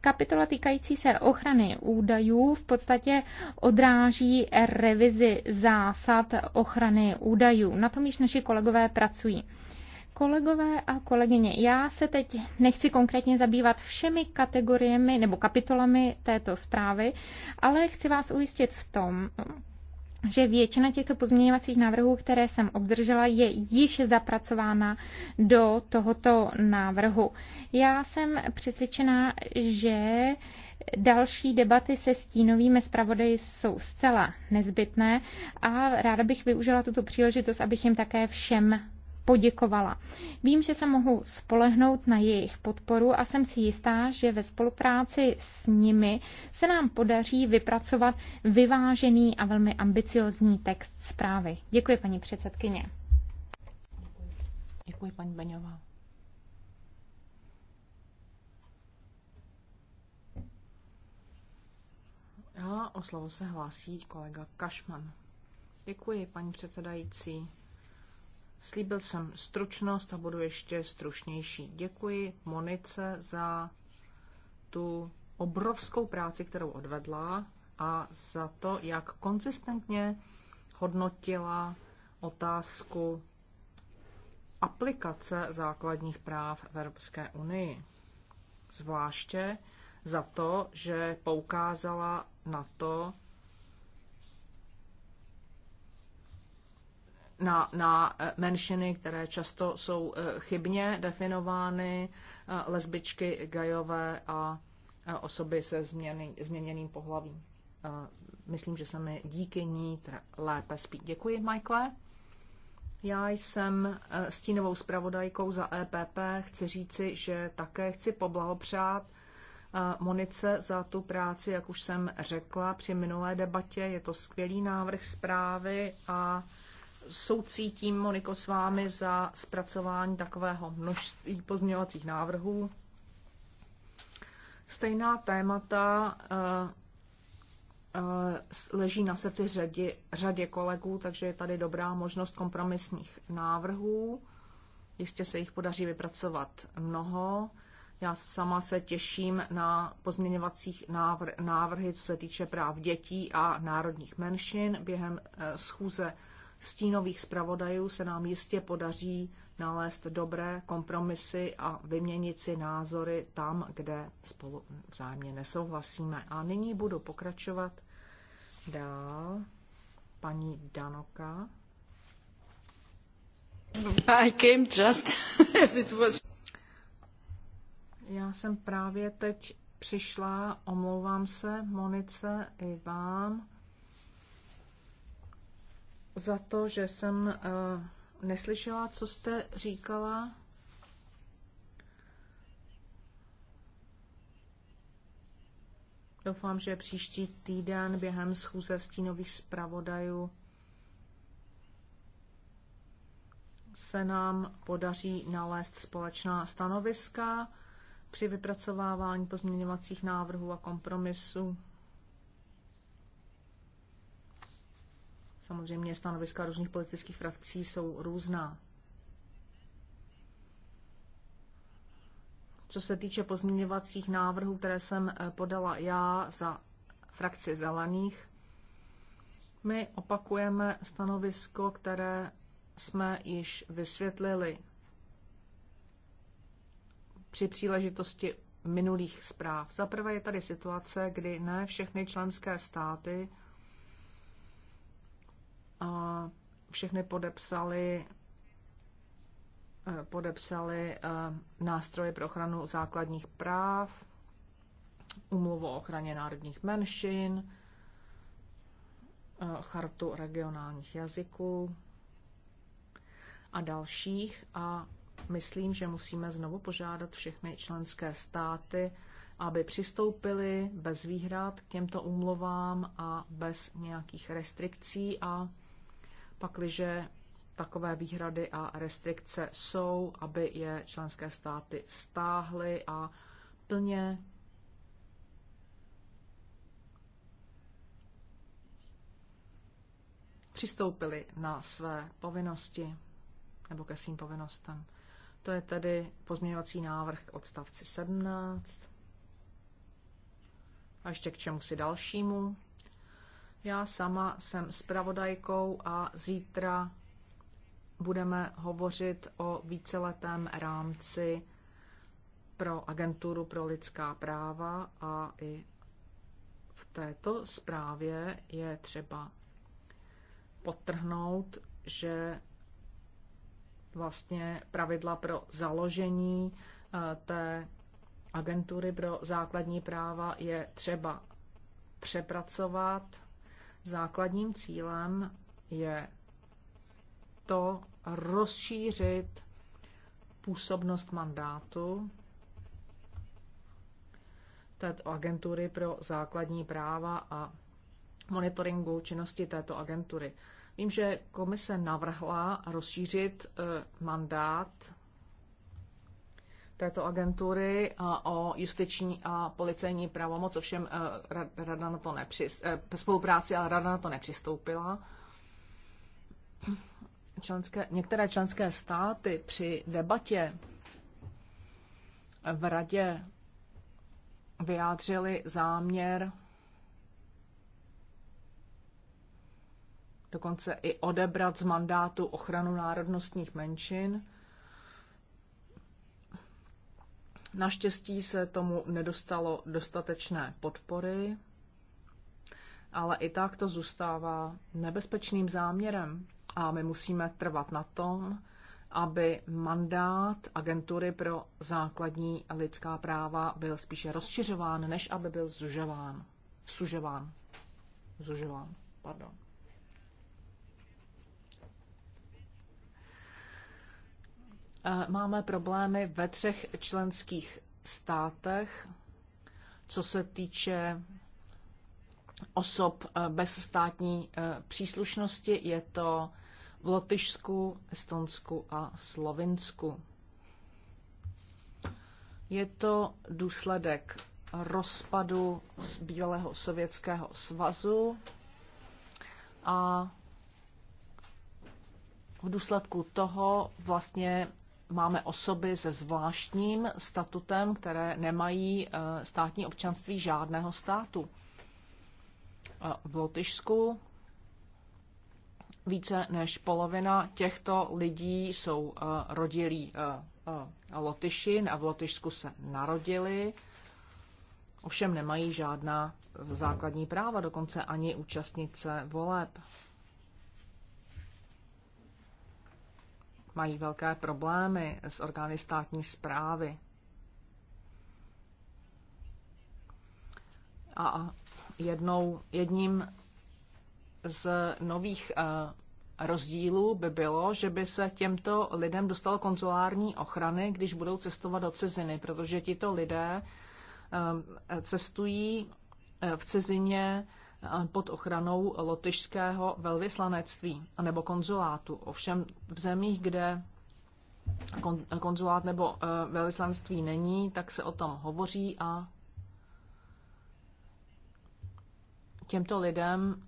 Kapitola týkající se ochrany údajů v podstatě odráží revizi zásad ochrany údajů. Na tom již naši kolegové pracují. Kolegové a kolegyně, já se teď nechci konkrétně zabývat všemi kategoriemi nebo kapitolami této zprávy, ale chci vás ujistit v tom, že většina těchto pozměňovacích návrhů, které jsem obdržela, je již zapracována do tohoto návrhu. Já jsem přesvědčená, že Další debaty se stínovými zpravodaji jsou zcela nezbytné a ráda bych využila tuto příležitost, abych jim také všem poděkovala. Vím, že se mohu spolehnout na jejich podporu a jsem si jistá, že ve spolupráci s nimi se nám podaří vypracovat vyvážený a velmi ambiciozní text zprávy. Děkuji, paní předsedkyně. Děkuji, paní Beňová. A o slovo se hlásí kolega Kašman. Děkuji, paní předsedající. Slíbil jsem stručnost a budu ještě stručnější. Děkuji Monice za tu obrovskou práci, kterou odvedla a za to, jak konzistentně hodnotila otázku aplikace základních práv v Evropské unii. Zvláště za to, že poukázala na to, na, na eh, menšiny, které často jsou eh, chybně definovány, eh, lesbičky, gajové a osoby se změny, změněným pohlavím. Myslím, že se mi díky ní lépe spí. Děkuji, Michael. Já jsem stínovou zpravodajkou za EPP. Chci říci, že také chci poblahopřát Monice za tu práci, jak už jsem řekla při minulé debatě. Je to skvělý návrh zprávy a Soucítím, Moniko, s vámi za zpracování takového množství pozměňovacích návrhů. Stejná témata eh, eh, leží na srdci řadě, řadě kolegů, takže je tady dobrá možnost kompromisních návrhů. Jistě se jich podaří vypracovat mnoho. Já sama se těším na pozměňovacích návr- návrhy, co se týče práv dětí a národních menšin. Během eh, schůze stínových zpravodajů se nám jistě podaří nalézt dobré kompromisy a vyměnit si názory tam, kde spolu vzájemně nesouhlasíme. A nyní budu pokračovat dál. Paní Danoka. I came just *laughs* as it was. Já jsem právě teď přišla, omlouvám se Monice i vám za to, že jsem eh, neslyšela, co jste říkala. Doufám, že příští týden během schůze stínových zpravodajů se nám podaří nalézt společná stanoviska při vypracovávání pozměňovacích návrhů a kompromisů. Samozřejmě stanoviska různých politických frakcí jsou různá. Co se týče pozměňovacích návrhů, které jsem eh, podala já za frakci zelených, my opakujeme stanovisko, které jsme již vysvětlili při příležitosti minulých zpráv. Zaprvé je tady situace, kdy ne všechny členské státy a všechny podepsali eh, podepsali eh, nástroje pro ochranu základních práv, umluvu o ochraně národních menšin, eh, chartu regionálních jazyků a dalších a myslím, že musíme znovu požádat všechny členské státy, aby přistoupili bez výhrad k těmto umluvám a bez nějakých restrikcí a pakliže takové výhrady a restrikce jsou, aby je členské státy stáhly a plně přistoupili na své povinnosti nebo ke svým povinnostem. To je tedy pozměňovací návrh k odstavci 17. A ještě k čemu si dalšímu? Já sama jsem zpravodajkou a zítra budeme hovořit o víceletém rámci pro agenturu pro lidská práva a i v této zprávě je třeba podtrhnout, že vlastně pravidla pro založení eh, té agentury pro základní práva je třeba přepracovat Základním cílem je to rozšířit působnost mandátu této agentury pro základní práva a monitoringu činnosti této agentury. Vím, že komise navrhla rozšířit eh, mandát této agentury o justiční a policejní pravomoc, ovšem eh, rada na to nepřis, eh, spolupráci, ale rada na to nepřistoupila. Členské, některé členské státy při debatě v radě vyjádřili záměr dokonce i odebrat z mandátu ochranu národnostních menšin Naštěstí se tomu nedostalo dostatečné podpory, ale i tak to zůstává nebezpečným záměrem a my musíme trvat na tom, aby mandát agentury pro základní lidská práva byl spíše rozšiřován, než aby byl zužován. Sužován. Zužován, pardon. Eh, máme problémy ve třech členských státech, co se týče osob eh, bez státní eh, příslušnosti. Je to v Lotyšsku, Estonsku a Slovinsku. Je to důsledek rozpadu z bývalého sovětského svazu a v důsledku toho vlastně máme osoby se zvláštním statutem, které nemají eh, státní občanství žádného státu. Eh, v Lotyšsku více než polovina těchto lidí jsou eh, rodilí Lotyši a v Lotyšsku se narodili, ovšem nemají žádná základní práva, dokonce ani účastnice voleb. mají velké problémy s orgány státní zprávy. A jednou, jedním z nových eh, rozdílů by bylo, že by se těmto lidem dostalo konzulární ochrany, když budou cestovat do ciziny, protože tito lidé eh, cestují eh, v cizině pod ochranou lotyšského velvyslanectví nebo konzulátu. Ovšem v zemích, kde konzulát nebo eh, velvyslanectví není, tak se o tom hovoří a těmto lidem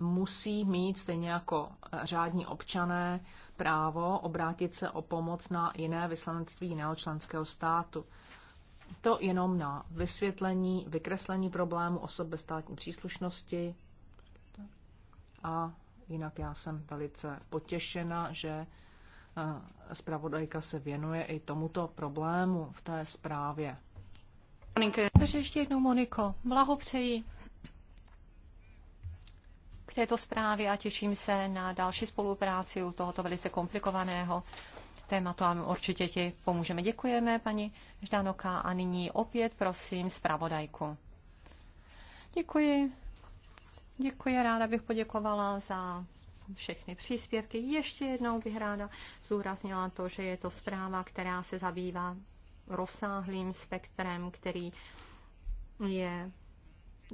musí mít stejně jako eh, řádní občané právo obrátit se o pomoc na jiné vyslanectví jiného členského státu. To jenom na vysvětlení, vykreslení problému osob bez státní příslušnosti. A jinak já jsem velice potěšena, že eh, zpravodajka se věnuje i tomuto problému v té zprávě. Monika. Takže ještě jednou, Moniko, blahopřeji k této zprávě a těším se na další spolupráci u tohoto velice komplikovaného tématu a určitě ti pomůžeme. Děkujeme, paní Ždanoka. A nyní opět prosím zpravodajku. Děkuji. Děkuji, ráda bych poděkovala za všechny příspěvky. Ještě jednou bych ráda zdůraznila to, že je to zpráva, která se zabývá rozsáhlým spektrem, který je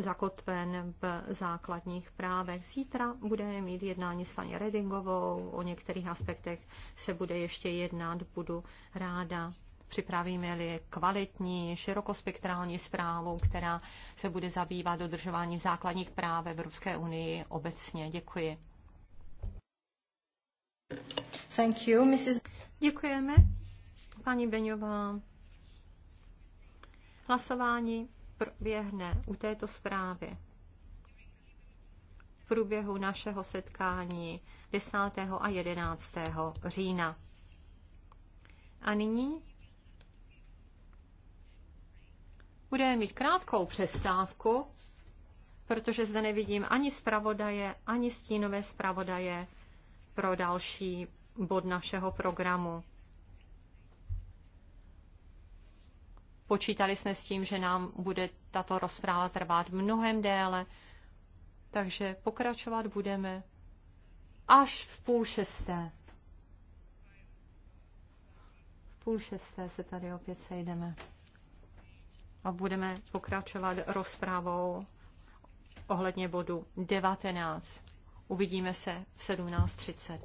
zakotven v základních právech. Zítra budeme mít jednání s paní Redingovou, o některých aspektech se bude ještě jednat, budu ráda. Připravíme-li kvalitní, širokospektrální zprávu, která se bude zabývat dodržování základních práv Evropské unii obecně. Děkuji. Thank you, Mrs. Děkujeme, paní Beňová. Hlasování proběhne u této zprávy v průběhu našeho setkání 10. a 11. října. A nyní budeme mít krátkou přestávku, protože zde nevidím ani zpravodaje, ani stínové zpravodaje pro další bod našeho programu. Počítali jsme s tím, že nám bude tato rozpráva trvat mnohem déle, takže pokračovat budeme až v půl šesté. V půl šesté se tady opět sejdeme a budeme pokračovat rozprávou ohledně bodu 19. Uvidíme se v 17.30.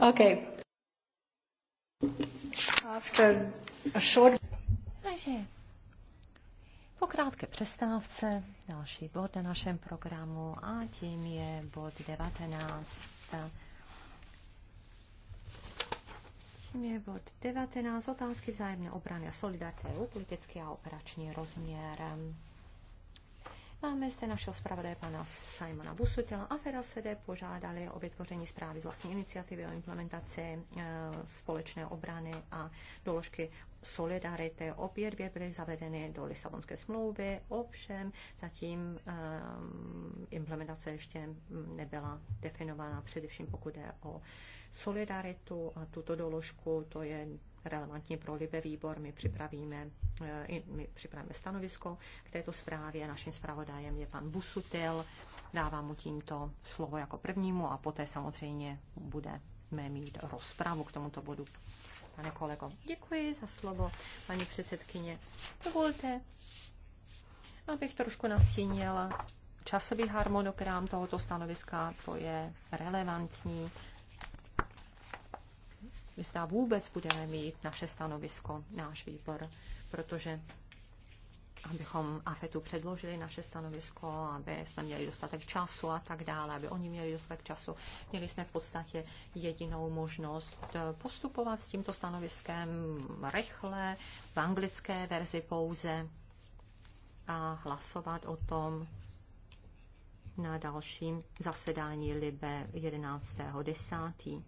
Okay. After a short... Takže po krátké přestávce další bod na našem programu a tím je bod 19. Tím je bod 19. Otázky vzájemné obrany a solidarity, politický a operační rozměr. Máme zde našeho zpravodaje pana Simona Busutila a Fera Sede požádali o vytvoření zprávy z vlastní iniciativy o implementaci e, společné obrany a doložky solidarity. Obě dvě byly zavedeny do Lisabonské smlouvy, ovšem zatím e, implementace ještě nebyla definována, především pokud jde o solidaritu a tuto doložku, to je relevantní pro Libe výbor. My připravíme, eh, my připravíme stanovisko k této zprávě. Naším zpravodajem je pan Busutil. Dávám mu tímto slovo jako prvnímu a poté samozřejmě budeme mít rozpravu k tomuto bodu. Pane kolego, děkuji za slovo, paní předsedkyně. Dovolte, abych trošku nastínila časový harmonogram tohoto stanoviska, to je relevantní zda vůbec budeme mít naše stanovisko, náš výbor, protože abychom AFETu předložili naše stanovisko, aby jsme měli dostatek času a tak dále, aby oni měli dostatek času. Měli jsme v podstatě jedinou možnost postupovat s tímto stanoviskem rychle, v anglické verzi pouze a hlasovat o tom na dalším zasedání Libe 11.10.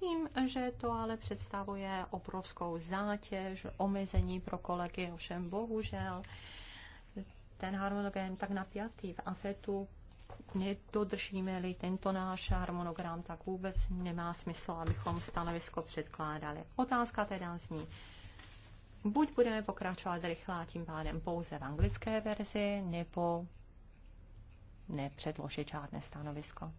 Vím, že to ale představuje obrovskou zátěž, omezení pro kolegy, ovšem bohužel ten harmonogram tak napjatý v AFETu, nedodržíme-li tento náš harmonogram, tak vůbec nemá smysl, abychom stanovisko předkládali. Otázka teda zní, buď budeme pokračovat rychle tím pádem pouze v anglické verzi, nebo nepředložit žádné stanovisko.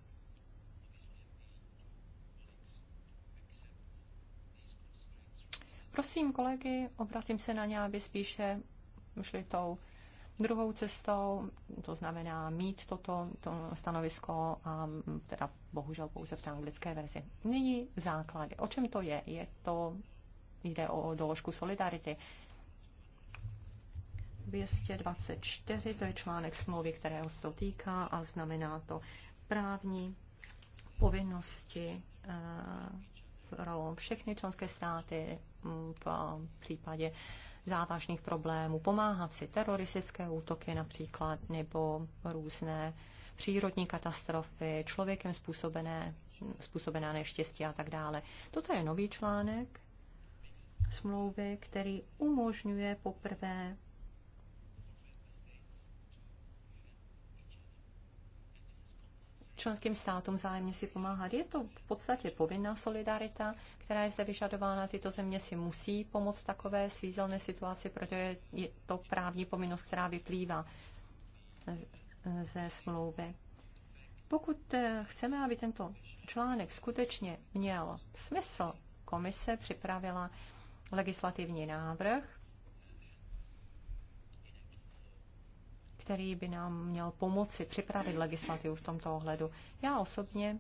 Prosím kolegy, obracím se na ně, aby spíše šli tou druhou cestou, to znamená mít toto to stanovisko, a teda bohužel pouze v té anglické verzi. Nyní základy. O čem to je? Je to, jde o doložku solidarity. 224, to je článek smlouvy, kterého se to týká a znamená to právní povinnosti eh, pro všechny členské státy v případě závažných problémů, pomáhat si teroristické útoky například nebo různé přírodní katastrofy, člověkem způsobené, způsobená neštěstí a tak dále. Toto je nový článek smlouvy, který umožňuje poprvé členským státům zájemně si pomáhat. Je to v podstatě povinná solidarita, která je zde vyžadována. Tyto země si musí pomoct v takové svízelné situaci, protože je to právní povinnost, která vyplývá ze smlouvy. Pokud eh, chceme, aby tento článek skutečně měl smysl, komise připravila legislativní návrh, který by nám měl pomoci připravit legislativu v tomto ohledu. Já osobně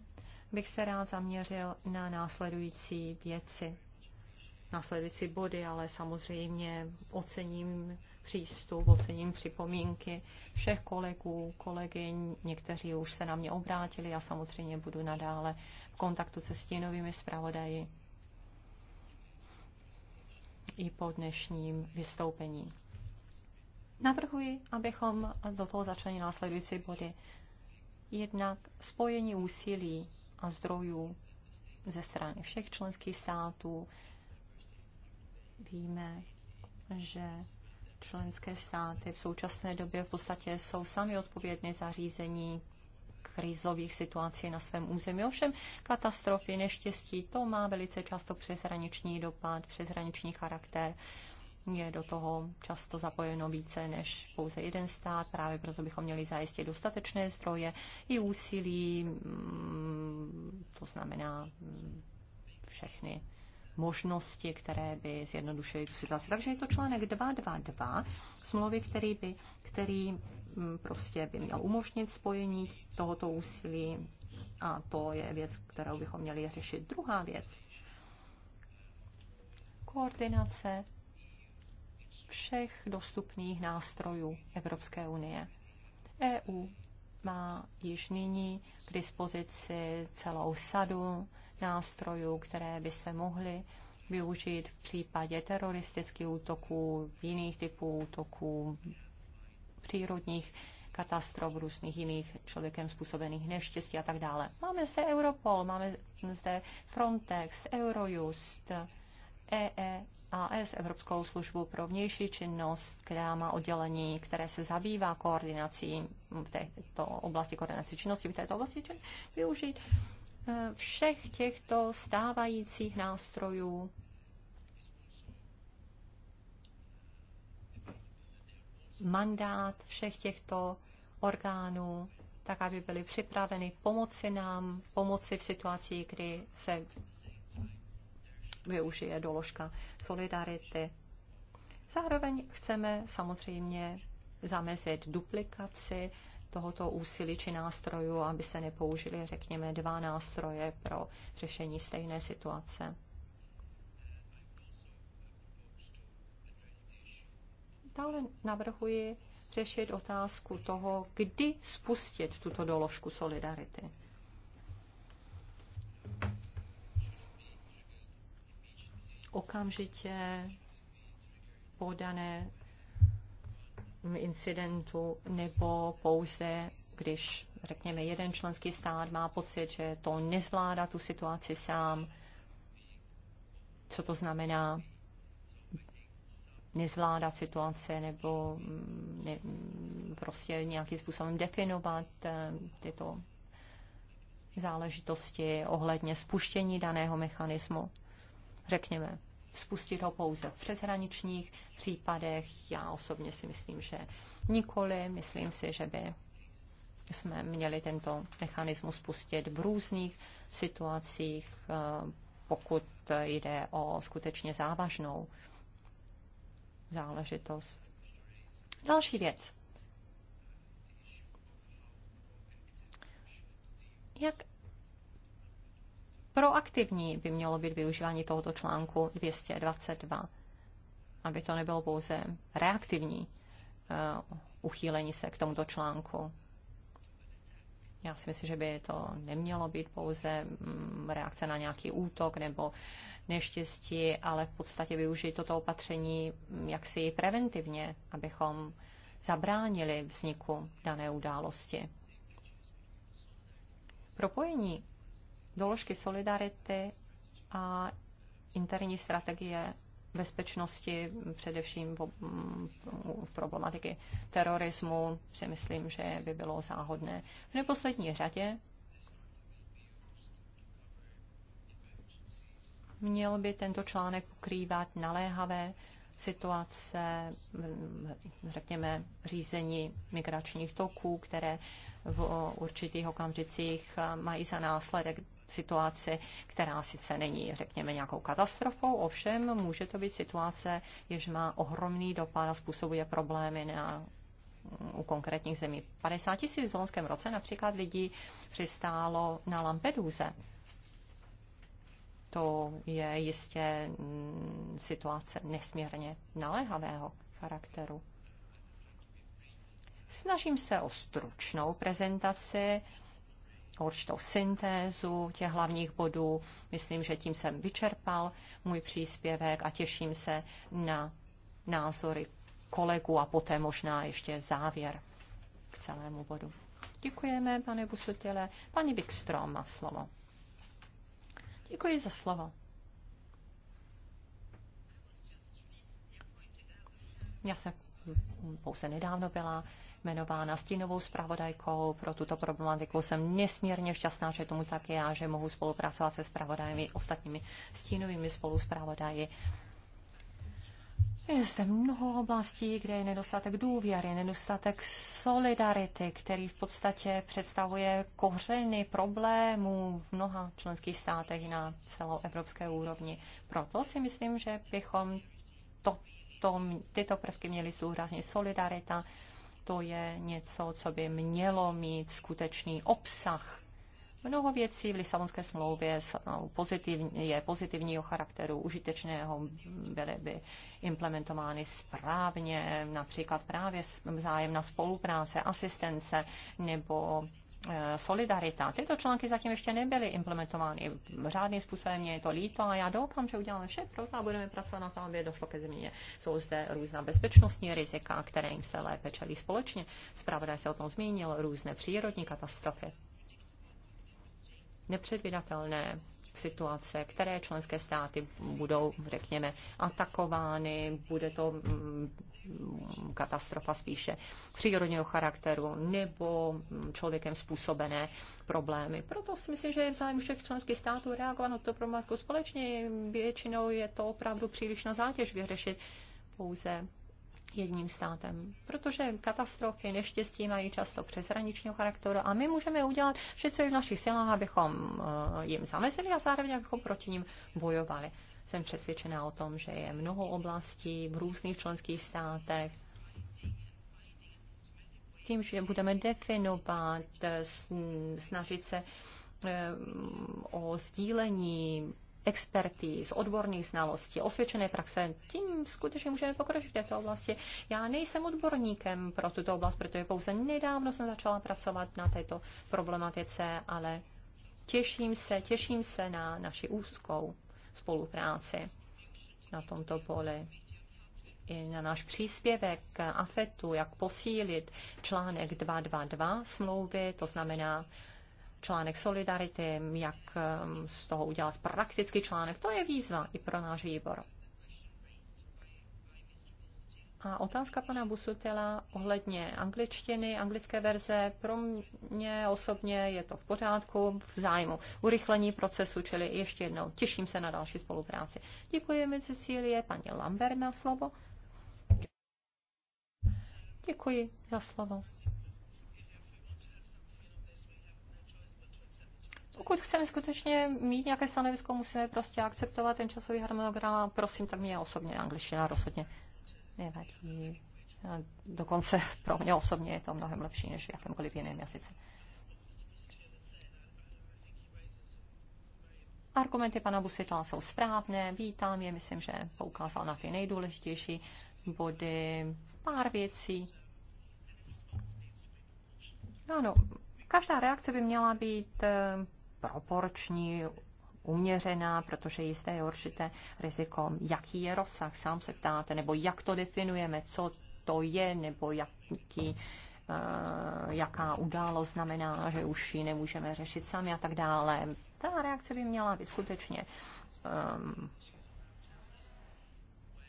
bych se rád zaměřil na následující věci, následující body, ale samozřejmě ocením přístup, ocením připomínky všech kolegů, kolegyň, někteří už se na mě obrátili, já samozřejmě budu nadále v kontaktu se stínovými zpravodaji i po dnešním vystoupení. Navrhuji, abychom do toho začali následující body. Jednak spojení úsilí a zdrojů ze strany všech členských států. Víme, že členské státy v současné době v podstatě jsou sami odpovědné za řízení krizových situací na svém území. Ovšem katastrofy, neštěstí, to má velice často přeshraniční dopad, přeshraniční charakter je do toho často zapojeno více než pouze jeden stát. Právě proto bychom měli zajistit dostatečné zdroje i úsilí, mm, to znamená mm, všechny možnosti, které by zjednodušily tu situaci. Takže je to článek 222 smlouvy, který by, který mm, prostě by měl umožnit spojení tohoto úsilí a to je věc, kterou bychom měli řešit. Druhá věc, koordinace všech dostupných nástrojů Evropské unie. EU má již nyní k dispozici celou sadu nástrojů, které by se mohly využít v případě teroristických útoků, jiných typů útoků, přírodních katastrof, různých jiných člověkem způsobených neštěstí a tak dále. Máme zde Europol, máme zde Frontex, Eurojust, EEAS, Evropskou službu pro vnější činnost, která má oddělení, které se zabývá koordinací v této oblasti, koordinací činnosti v této oblasti, čili využít e, všech těchto stávajících nástrojů mandát všech těchto orgánů, tak aby byly připraveny pomoci nám, pomoci v situaci, kdy se využije doložka solidarity. Zároveň chceme samozřejmě zamezit duplikaci tohoto úsilí či nástrojů, aby se nepoužili, řekněme, dva nástroje pro řešení stejné situace. Dále navrhuji řešit otázku toho, kdy spustit tuto doložku solidarity. okamžitě po dané incidentu nebo pouze, když řekněme jeden členský stát má pocit, že to nezvládá tu situaci sám, co to znamená nezvládat situace nebo mm, ne, mm, prostě nějakým způsobem definovat eh, tyto záležitosti ohledně spuštění daného mechanismu řekněme, spustit ho pouze v přeshraničních případech. Já osobně si myslím, že nikoli. Myslím si, že by jsme měli tento mechanismus spustit v různých situacích, eh, pokud jde o skutečně závažnou záležitost. Další věc. Jak proaktivní by mělo být využívání tohoto článku 222, aby to nebylo pouze reaktivní uh, uchýlení se k tomuto článku. Já si myslím, že by to nemělo být pouze mm, reakce na nějaký útok nebo neštěstí, ale v podstatě využít toto opatření mm, jaksi preventivně, abychom zabránili vzniku dané události. Propojení doložky solidarity a interní strategie bezpečnosti, především v, mm, v problematiky terorismu, si myslím, že by bylo záhodné. V neposlední řadě měl by tento článek pokrývat naléhavé situace, mm, řekněme, řízení migračních toků, které v určitých okamžicích eh, mají za následek situaci, která sice není, řekněme, nějakou katastrofou, ovšem může to být situace, jež má ohromný dopad a způsobuje problémy na mm, u konkrétních zemí. 50 tisíc v loňském roce například lidí přistálo na Lampeduze. To je jistě mm, situace nesmírně naléhavého charakteru. Snažím se o stručnou prezentaci určitou syntézu těch hlavních bodů. Myslím, že tím jsem vyčerpal můj příspěvek a těším se na názory kolegu a poté možná ještě závěr k celému bodu. Děkujeme, pane Busutěle. Pani Wikström má slovo. Děkuji za slovo. Já jsem pouze nedávno byla jmenována stínovou zpravodajkou pro tuto problematiku. Jsem nesmírně šťastná, že tomu tak je a že mohu spolupracovat se zpravodajmi, ostatními stínovými spoluzpravodaji. Je zde mnoho oblastí, kde je nedostatek důvěry, nedostatek solidarity, který v podstatě představuje kořeny problémů v mnoha členských státech na celoevropské úrovni. Proto si myslím, že bychom to, to, tyto prvky měli zdůraznit solidarita, to je něco, co by mělo mít skutečný obsah. Mnoho věcí v Lisabonské smlouvě no, je pozitivního charakteru, užitečného, byly by implementovány správně, například právě zájem na spolupráce, asistence nebo Eh, solidarita. Tyto články zatím ještě nebyly implementovány řádným způsobem, mě je to líto a já doufám, že uděláme vše pro to a budeme pracovat na tom, aby došlo ke změně. Jsou zde různá bezpečnostní rizika, které jim se lépe čelí společně. Zpravodaj se o tom zmínil, různé přírodní katastrofy nepředvydatelné situace, které členské státy budou, řekněme, atakovány, bude to mm, katastrofa spíše přírodního charakteru nebo mm, člověkem způsobené problémy. Proto si myslím, že je v zájmu všech členských států reagovat na to problematiku společně. Většinou je to opravdu příliš na zátěž vyřešit pouze jedním státem. Protože katastrofy, neštěstí mají často přeshraničního charakteru a my můžeme udělat vše, co je v našich silách, abychom eh, jim zamezili a zároveň abychom proti ním bojovali. Jsem přesvědčená o tom, že je mnoho oblastí v různých členských státech, tím, že budeme definovat, eh, snažit se eh, o sdílení expertíz, odborných znalostí, osvědčené praxe, tím skutečně můžeme pokročit v této oblasti. Já nejsem odborníkem pro tuto oblast, protože pouze nedávno jsem začala pracovat na této problematice, ale těším se, těším se na naši úzkou spolupráci na tomto poli. I na náš příspěvek k AFETu, jak posílit článek 222 smlouvy, to znamená článek solidarity, jak um, z toho udělat praktický článek. To je výzva i pro náš výbor. A otázka pana Busutela ohledně angličtiny, anglické verze, pro mě osobně je to v pořádku, v zájmu urychlení procesu, čili ještě jednou těším se na další spolupráci. Děkujeme, Cecílie. Paní Lambert má slovo. Děkuji za slovo. Pokud chceme skutečně mít nějaké stanovisko, musíme prostě akceptovat ten časový harmonogram. Prosím, tak mě osobně angličtina rozhodně nevadí. Dokonce *laughs* pro mě osobně je to mnohem lepší než v jakémkoliv jiném jazyce. Argumenty pana Busitla jsou správné, vítám je, myslím, že poukázal na ty nejdůležitější body, pár věcí. Ano, každá reakce by měla být eh, proporční, uměřená, protože jisté je určité riziko, jaký je rozsah, sám se ptáte, nebo jak to definujeme, co to je, nebo jaký, eh, jaká událost znamená, že už ji nemůžeme řešit sami a tak dále. Ta reakce by měla být skutečně um,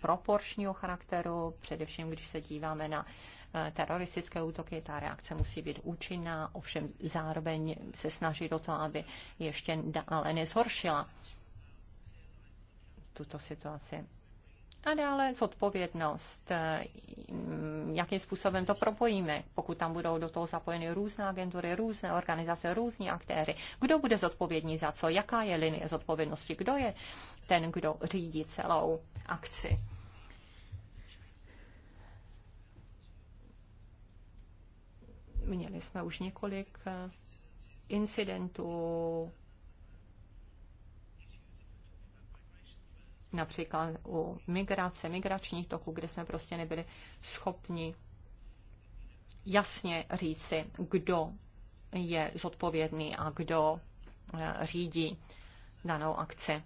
proporčního charakteru, především když se díváme na Eh, teroristické útoky, ta reakce musí být účinná, ovšem zároveň se snaží do to, aby ještě dále nezhoršila tuto situaci. A dále zodpovědnost, eh, mm, jakým způsobem to propojíme, pokud tam budou do toho zapojeny různé agentury, různé organizace, různí aktéři. Kdo bude zodpovědný za co, jaká je linie zodpovědnosti, kdo je ten, kdo řídí celou akci. Měli jsme už několik eh, incidentů, například u migrace, migračních toků, kde jsme prostě nebyli schopni jasně říci, kdo je zodpovědný a kdo eh, řídí danou akci.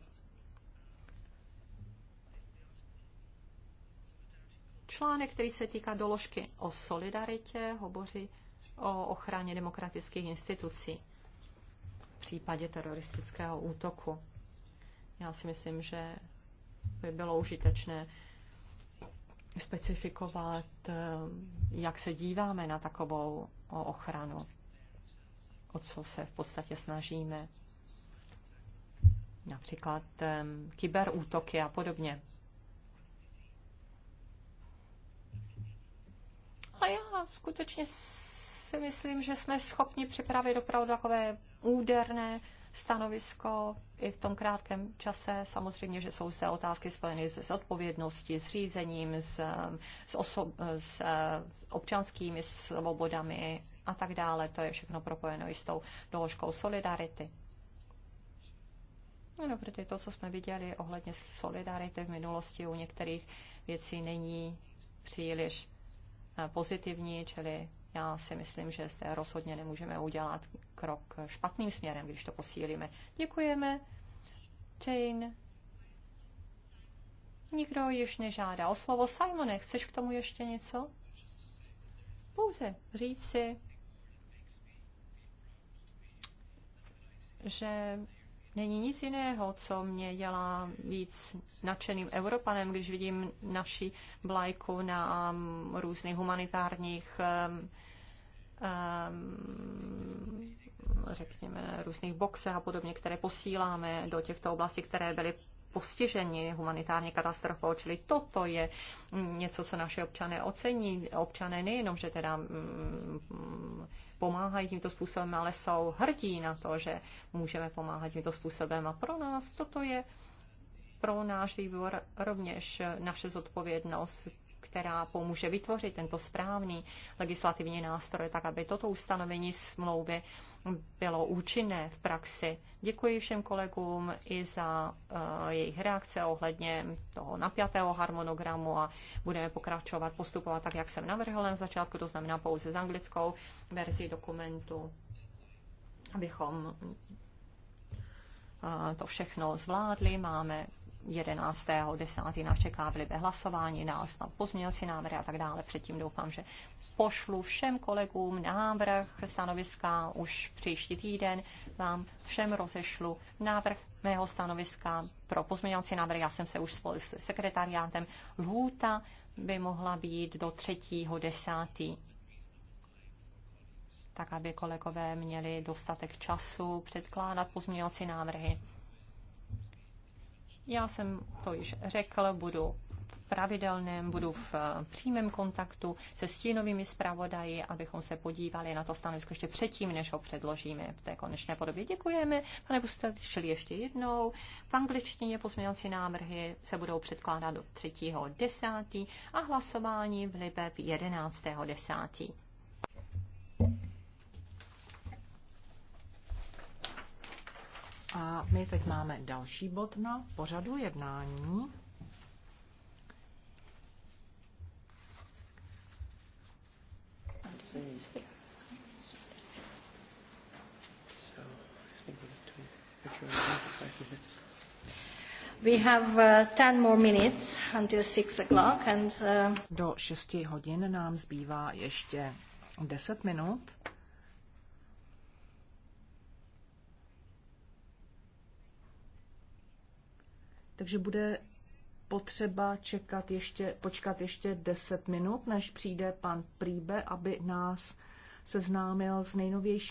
Článek, který se týká doložky o solidaritě, hovoří o ochraně demokratických institucí v případě teroristického útoku. Já si myslím, že by bylo užitečné specifikovat, eh, jak se díváme na takovou ochranu, o co se v podstatě snažíme. Například kyberútoky a podobně. A já skutečně si myslím, že jsme schopni připravit opravdu takové úderné stanovisko i v tom krátkém čase. Samozřejmě, že jsou zde otázky spojeny s odpovědností, s řízením, s, um, s, oso- s uh, občanskými svobodami a tak dále. To je všechno propojeno i s tou doložkou solidarity. No, no protože to, co jsme viděli ohledně solidarity v minulosti u některých věcí není příliš uh, pozitivní, čili já si myslím, že zde rozhodně nemůžeme udělat krok špatným směrem, když to posílíme. Děkujeme. Jane. Nikdo již nežádá o slovo. Simone, chceš k tomu ještě něco? Pouze říci, že není nic jiného, co mě dělá víc nadšeným Evropanem, když vidím naši vlajku na um, různých humanitárních um, um, řekněme, různých boxech a podobně, které posíláme do těchto oblastí, které byly postiženi humanitární katastrofou. Čili toto je něco, co naše občané ocení. Občané nejenom, že teda um, pomáhají tímto způsobem, ale jsou hrdí na to, že můžeme pomáhat tímto způsobem. A pro nás toto je pro náš výbor rovněž naše zodpovědnost, která pomůže vytvořit tento správný legislativní nástroj, tak aby toto ustanovení smlouvy bylo účinné v praxi. Děkuji všem kolegům i za uh, jejich reakce ohledně toho napjatého harmonogramu a budeme pokračovat, postupovat tak, jak jsem navrhl na začátku, to znamená pouze s anglickou verzi dokumentu, abychom uh, to všechno zvládli. Máme 11.10. nás čeká v Libe hlasování, nás na si návrhy a tak dále. Předtím doufám, že pošlu všem kolegům návrh stanoviska už příští týden. Vám všem rozešlu návrh mého stanoviska pro pozměňovací návrh. Já jsem se už spolu s sekretariátem. Lhůta by mohla být do 10 tak aby kolegové měli dostatek času předkládat pozměňovací návrhy. Já jsem to již řekl, budu v pravidelném, budu v eh, přímém kontaktu se stínovými zpravodaji, abychom se podívali na to stanovisko ještě předtím, než ho předložíme v té konečné podobě. Děkujeme, pane šli ještě jednou. V angličtině pozměňovací návrhy se budou předkládat do 3.10. a hlasování v Libeb 11.10. A my teď máme další bod na pořadu jednání. We have uh, ten more minutes until six o'clock and uh... do 6 hodin nám zbývá ještě 10 minut. takže bude potřeba čekat ještě, počkat ještě 10 minut, než přijde pan Príbe, aby nás seznámil s nejnovější